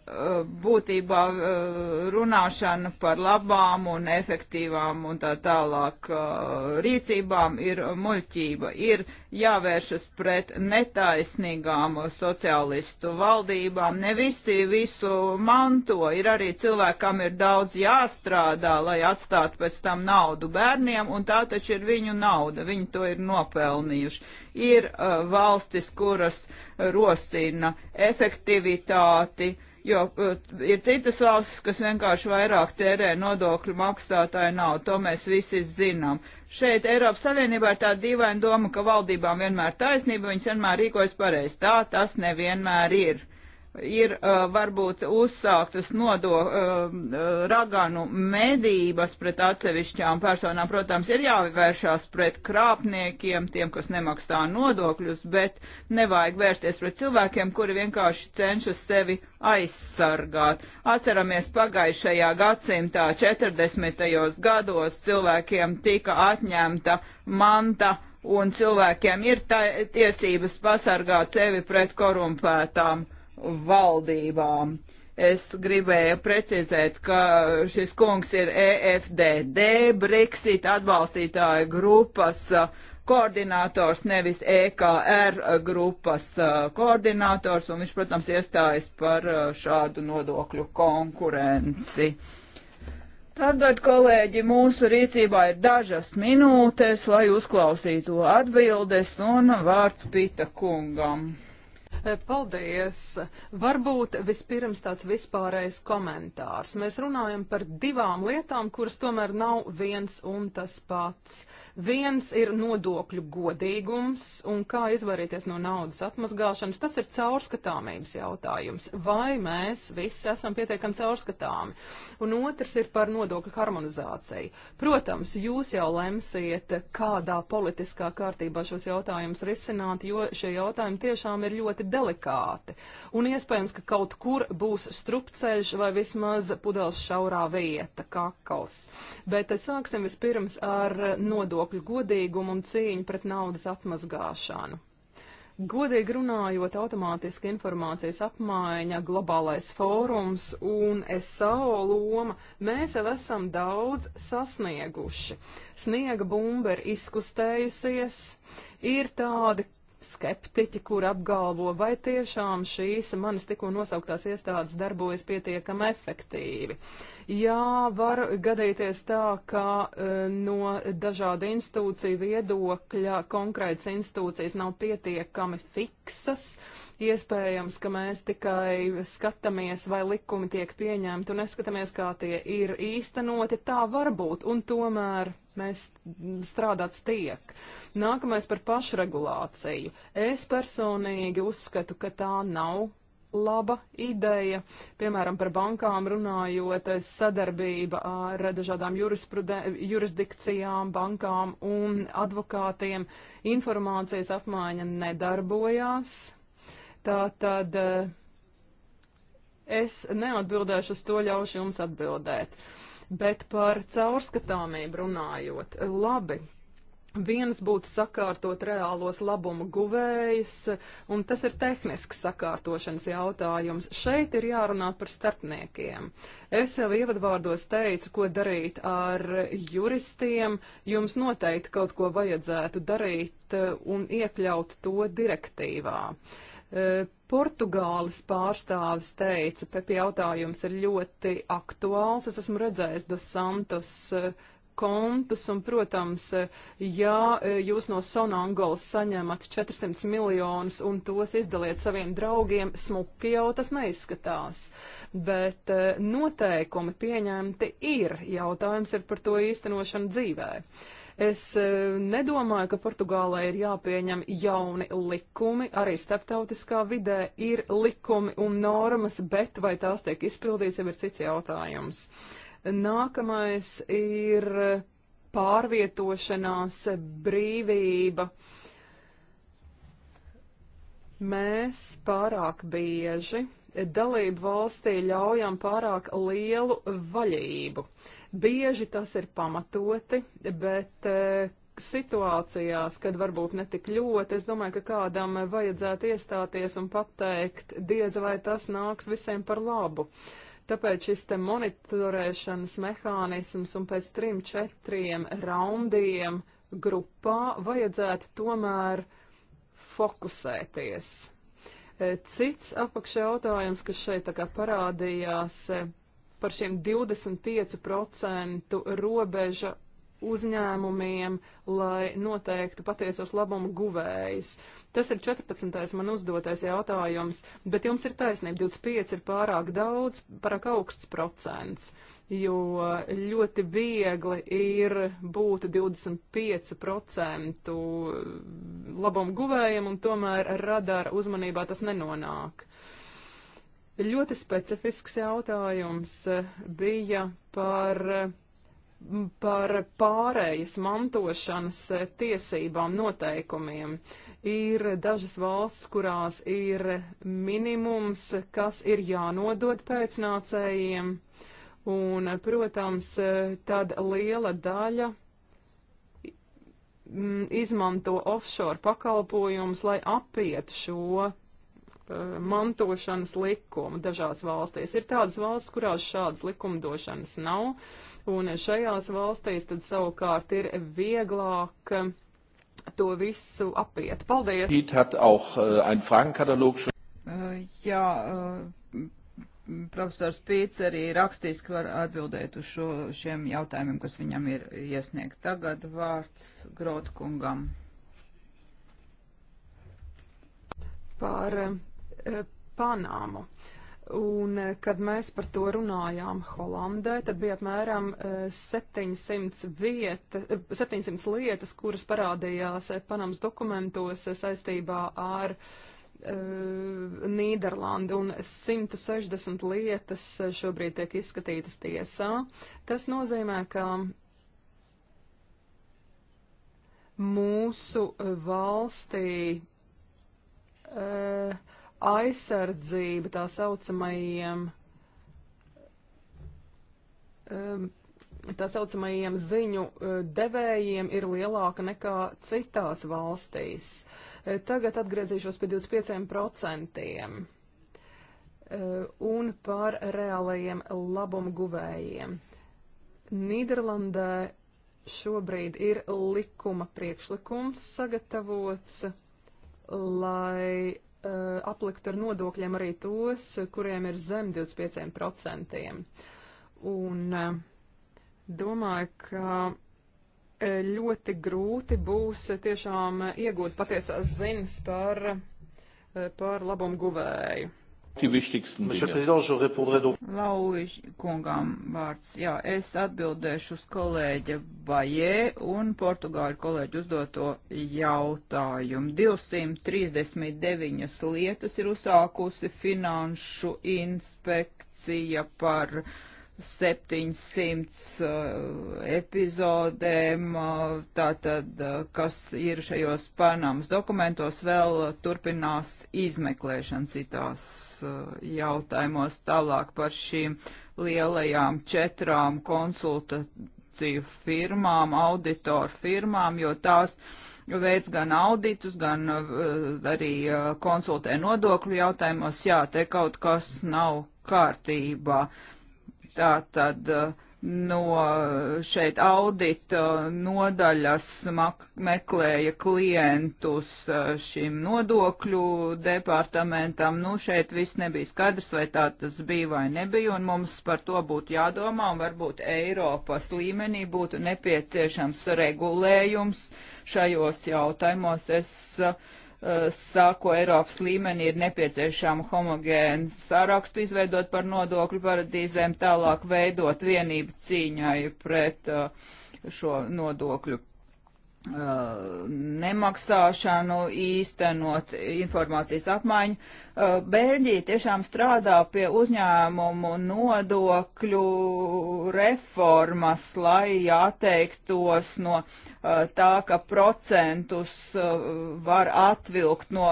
būtībā eh, runāšana par labām un efektīvām un tā tālāk eh, rīcībām ir muļķība. Ir jāvēršas pret netaisnīgām sociālistu valdībām. Ne visi visu manto. Ir arī cilvēkam ir daudz jāstrādā, lai atstātu pēc tam naudu bērniem, un tā taču ir viņu nauda. Viņi to ir nopelnījuši Ir uh, valstis, kuras rosina efektivitāti, jo uh, ir citas valstis, kas vienkārši vairāk tērē nodokļu maksātāju nav. To mēs visi zinām. Šeit Eiropas Savienībā ir tā dīvaina doma, ka valdībām vienmēr taisnība, viņas vienmēr rīkojas pareizi. Tā tas nevienmēr ir ir uh, varbūt uzsāktas nodo um, uh, raganu medības pret atsevišķām personām. Protams, ir jāvēršās pret krāpniekiem, tiem, kas nemaksā nodokļus, bet nevajag vērsties pret cilvēkiem, kuri vienkārši cenšas sevi aizsargāt. Atceramies pagājušajā gadsimtā 40. gados cilvēkiem tika atņemta manta un cilvēkiem ir tiesības pasargāt sevi pret korumpētām uh, valdībām. Es gribēju precizēt, ka šis kungs ir EFDD, Brexit atbalstītāja grupas uh, koordinators, nevis EKR grupas uh, koordinators, un viņš, protams, iestājas par uh, šādu nodokļu konkurenci. Tātad, kolēģi, mūsu rīcībā ir dažas minūtes, lai uzklausītu atbildes, un vārds Pita kungam. Paldies! Varbūt vispirms tāds vispārējs komentārs. Mēs runājam par divām lietām, kuras tomēr nav viens un tas pats. Viens ir nodokļu godīgums un kā izvairīties no naudas atmazgāšanas. Tas ir caurskatāmības jautājums. Vai mēs visi esam pietiekami caurskatāmi? Un otrs ir par nodokļu harmonizāciju. Protams, jūs jau lemsiet, kādā politiskā kārtībā šos jautājumus risināt, jo šie jautājumi tiešām ir ļoti delikāti. Un iespējams, ka kaut kur būs strupceļš vai vismaz pudels šaurā vieta, kakls. Bet sāksim vispirms ar nodokļu nodokļu godīgumu un cīņu pret naudas atmazgāšanu. Godīgi runājot, automātiska informācijas apmaiņa, globālais fórums un SAO loma, mēs jau esam daudz sasnieguši. Sniega bumba ir izkustējusies, ir tādi skeptiķi, kur apgalvo, vai tiešām šīs manas tikko nosauktās iestādes darbojas pietiekami efektīvi. Jā, var gadīties tā, ka e, no dažāda institūcija viedokļa konkrētas institūcijas nav pietiekami fiksas, Iespējams, ka mēs tikai skatāmies, vai likumi tiek pieņemti un neskatāmies, kā tie ir īstenoti. Tā var būt, un tomēr mēs strādāts tiek. Nākamais par pašregulāciju. Es personīgi uzskatu, ka tā nav laba ideja. Piemēram, par bankām runājot, sadarbība ar dažādām jurisdikcijām, bankām un advokātiem informācijas apmaiņa nedarbojās. Tā tad eh, es neatbildēšu uz to, ļaušu jums atbildēt. Bet par caurskatāmību runājot, labi, Viens būtu sakārtot reālos labumu guvējus, un tas ir tehnisks sakārtošanas jautājums. Šeit ir jārunā par starpniekiem. Es jau ievadvārdos teicu, ko darīt ar juristiem. Jums noteikti kaut ko vajadzētu darīt eh, un iekļaut to direktīvā. Eh, Portugāles pārstāvis teica, Pepi jautājums ir ļoti aktuāls. Es esmu redzējis Dos Santos eh, kontus un, protams, eh, ja jūs no Sonangolas saņemat 400 miljonus un tos izdaliet saviem draugiem, smuki jau tas neizskatās. Bet noteikumi pieņemti ir. Jautājums ir par to īstenošanu dzīvē. Uh, Es e, nedomāju, ka Portugālē ir jāpieņem jauni likumi, arī starptautiskā vidē ir likumi un normas, bet vai tās tiek izpildīts, jau ir cits jautājums. Nākamais ir pārvietošanās brīvība. Mēs pārāk bieži dalību valstī ļaujam pārāk lielu vaļību. Uh, Bieži tas ir pamatoti, bet eh, situācijās, kad varbūt netik ļoti, es domāju, ka kādam vajadzētu iestāties un pateikt, diez vai tas nāks visiem par labu. Tāpēc šis te monitorēšanas mehānisms un pēc trim, četriem raundiem grupā vajadzētu tomēr fokusēties. Eh, cits apakšjautājums, kas šeit tā kā parādījās, eh, par šiem 25% robeža uzņēmumiem, lai noteiktu patiesos labumu guvējus. Tas ir 14. man uzdotais jautājums, bet jums ir taisnība, 25 ir pārāk daudz, pārāk augsts procents, jo ļoti viegli ir būt 25% labumu guvējiem un tomēr radara uzmanībā tas nenonāk. Uh, Ļoti specifisks jautājums eh, bija par, par pārējas mantošanas eh, tiesībām noteikumiem. Ir dažas valsts, kurās ir minimums, kas ir jānodod pēcnācējiem, un, protams, eh, tad liela daļa izmanto offshore pakalpojumus, lai apietu šo Uh, mantošanas likumu dažās valstīs. Ir tādas valsts, kurās šādas likumdošanas nav, un šajās valstīs tad savukārt ir vieglāk to visu apiet. Paldies! Äh, äh, jā, äh, profesors Pīts arī rakstīs, ka var atbildēt uz šo, šiem jautājumiem, kas viņam ir iesniegt. Tagad vārds Grotkungam. Par E, Panamu. Un, e, kad mēs par to runājām Holandē, tad bija apmēram 700, e, vieta, 700 lietas, kuras parādījās Panamas dokumentos saistībā ar uh, Nīderlandi, un 160 lietas šobrīd tiek izskatītas tiesā. Tas nozīmē, ka mūsu valstī uh, aizsardzība tā saucamajiem, um, tā saucamajiem ziņu uh, devējiem ir lielāka nekā citās valstīs. Uh, tagad atgriezīšos pie 25% uh, un par reālajiem labumguvējiem. Nīderlandē šobrīd ir likuma priekšlikums sagatavots, lai Eh, aplikt ar nodokļiem arī tos, kuriem ir zem 25%. Un eh, domāju, ka eh, ļoti grūti būs tiešām iegūt patiesās ziņas par, par labumu guvēju. Lauž kungām vārds. Jā, es atbildēšu uz kolēģa Bajē un Portugāļu kolēģu uzdoto jautājumu. 239 lietas ir uzsākusi finanšu inspekcija par uh, 700 uh, epizodēm, uh, tātad, uh, kas ir šajos Panamas dokumentos, vēl turpinās izmeklēšana citās uh, jautājumos tālāk par šīm lielajām četrām konsultāciju firmām, auditoru firmām, jo tās veids gan auditus, gan uh, arī uh, konsultē nodokļu jautājumos, jā, te kaut kas nav kārtībā. Uh, tā tad uh, no šeit audita nodaļas meklēja klientus uh, šim nodokļu departamentam. Nu, šeit viss nebija skaidrs, vai tā tas bija vai nebija, un mums par to būtu jādomā, un varbūt Eiropas līmenī būtu nepieciešams regulējums šajos jautājumos. Es uh, Eh, sako Eiropas līmenī ir nepieciešama homogēna sarakstu izveidot par nodokļu paradīzēm, tālāk veidot vienību cīņai pret eh, šo nodokļu Uh, nemaksāšanu, īstenot informācijas apmaiņu. Uh, Beļģija tiešām strādā pie uzņēmumu nodokļu reformas, lai atteiktos no uh, tā, ka procentus var atvilkt no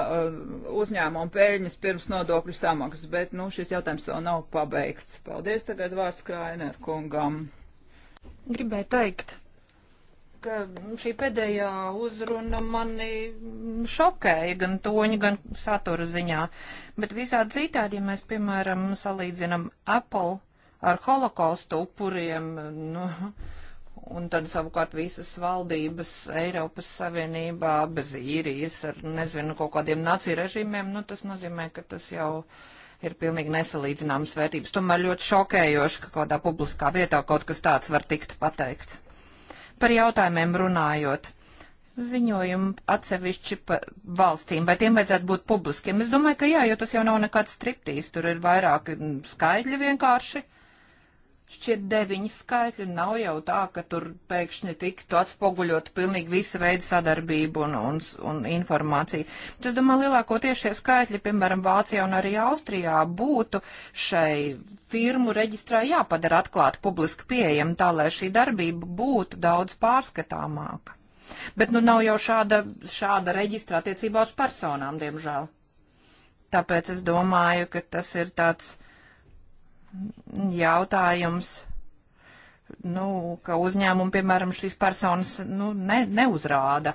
uzņēmumu peļņas pirms nodokļu samaksas, bet nu, šis jautājums vēl nav pabeigts. Paldies, tagad vārds Krainer kungam. Gribēju teikt, ka šī pēdējā uzruna mani šokēja gan toņa, gan satura ziņā. Bet visādi citādi, ja mēs, piemēram, salīdzinam Apple ar holokaustu upuriem, nu, un tad savukārt visas valdības Eiropas Savienībā bez īrijas ar, nezinu, kaut kādiem nāciju režīmiem, nu, tas nozīmē, ka tas jau ir pilnīgi nesalīdzināmas vērtības. Tomēr ļoti šokējoši, ka kādā publiskā vietā kaut kas tāds var tikt pateikts. Par jautājumiem runājot ziņojumu atsevišķi valstīm, vai tiem vajadzētu būt publiskiem. Es domāju, ka jā, jo tas jau nav nekāds striptīs, tur ir vairāki skaidļi vienkārši. Uh, Šķiet, deviņi skaitļi nav jau tā, ka tur pēkšņi tiktu atspoguļot pilnīgi visa veida sadarbību un, un, un informāciju. Bet es domāju, lielākoties šie skaitļi, piemēram, Vācijā un arī Austrijā, būtu šai firmu reģistrā jāpadara atklāti publiski pieejam, tā lai šī darbība būtu daudz pārskatāmāka. Bet nu nav jau šāda, šāda reģistrā attiecībā uz personām, diemžēl. Tāpēc es domāju, ka tas ir tāds jautājums, nu, ka uzņēmumi, piemēram, šīs personas nu, ne, neuzrāda.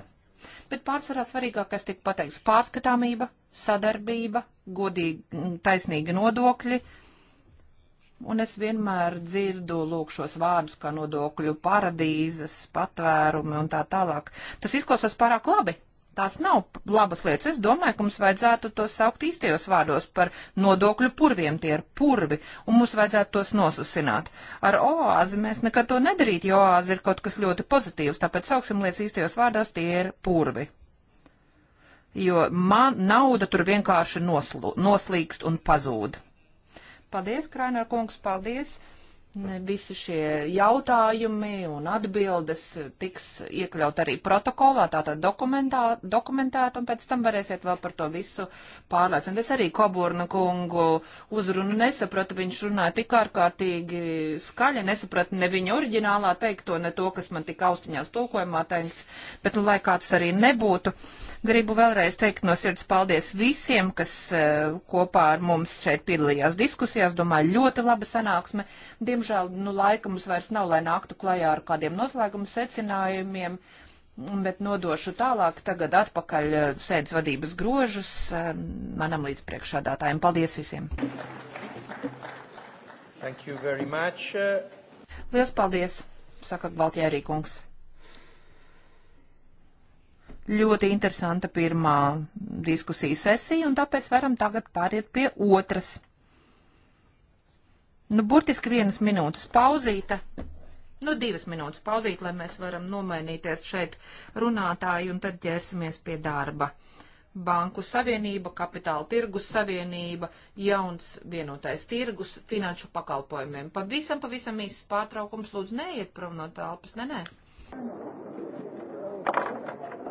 Bet pārsvarā svarīgākais tika pateikts - pārskatāmība, sadarbība, godīgi, taisnīgi nodokļi. Un es vienmēr dzirdu lūk šos vārdus kā nodokļu paradīzes, patvērumi un tā tālāk. Tas izklausās pārāk labi tās nav labas lietas. Es domāju, ka mums vajadzētu tos saukt īstajos vārdos par nodokļu purviem, tie ir purvi, un mums vajadzētu tos nosusināt. Ar oāzi mēs nekad to nedarītu, jo oāzi ir kaut kas ļoti pozitīvs, tāpēc sauksim lietas īstajos vārdos, tie ir purvi. Jo man nauda tur vienkārši noslu, noslīkst un pazūd. Paldies, Krainer kungs, paldies! Ne visi šie jautājumi un atbildes tiks iekļaut arī protokolā, tātad dokumentā, dokumentēt, un pēc tam varēsiet vēl par to visu pārliecināt. Es arī Koburna kungu uzrunu nesapratu, viņš runāja tik ārkārtīgi skaļi, nesapratu ne viņa oriģinālā teikto, ne to, kas man tik austiņās tulkojumā teikts, bet, nu, lai kāds arī nebūtu. Uh, Gribu vēlreiz teikt no sirds paldies visiem, kas e, kopā ar mums šeit piedalījās diskusijās. Domāju, ļoti laba sanāksme. Diemžēl, nu, laika mums vairs nav, lai nāktu klajā ar kādiem noslēgumu secinājumiem. Bet nodošu tālāk tagad atpakaļ e, sēdes vadības grožus e, manam līdzpriekšādātājiem. Paldies visiem! Thank you very much. Lielas paldies, saka Gvaltjērī kungs ļoti interesanta pirmā diskusija sesija, un tāpēc varam tagad pāriet pie otras. Nu, burtiski vienas minūtes pauzīta. Nu, divas minūtes pauzīt, lai mēs varam nomainīties šeit runātāji, un tad ķersimies pie darba. Banku savienība, kapitāla tirgus savienība, jauns vienotais tirgus finanšu pakalpojumiem. Pavisam, pavisam īsts pārtraukums, lūdzu, neiet prom no telpas, nē, nē. Thank you.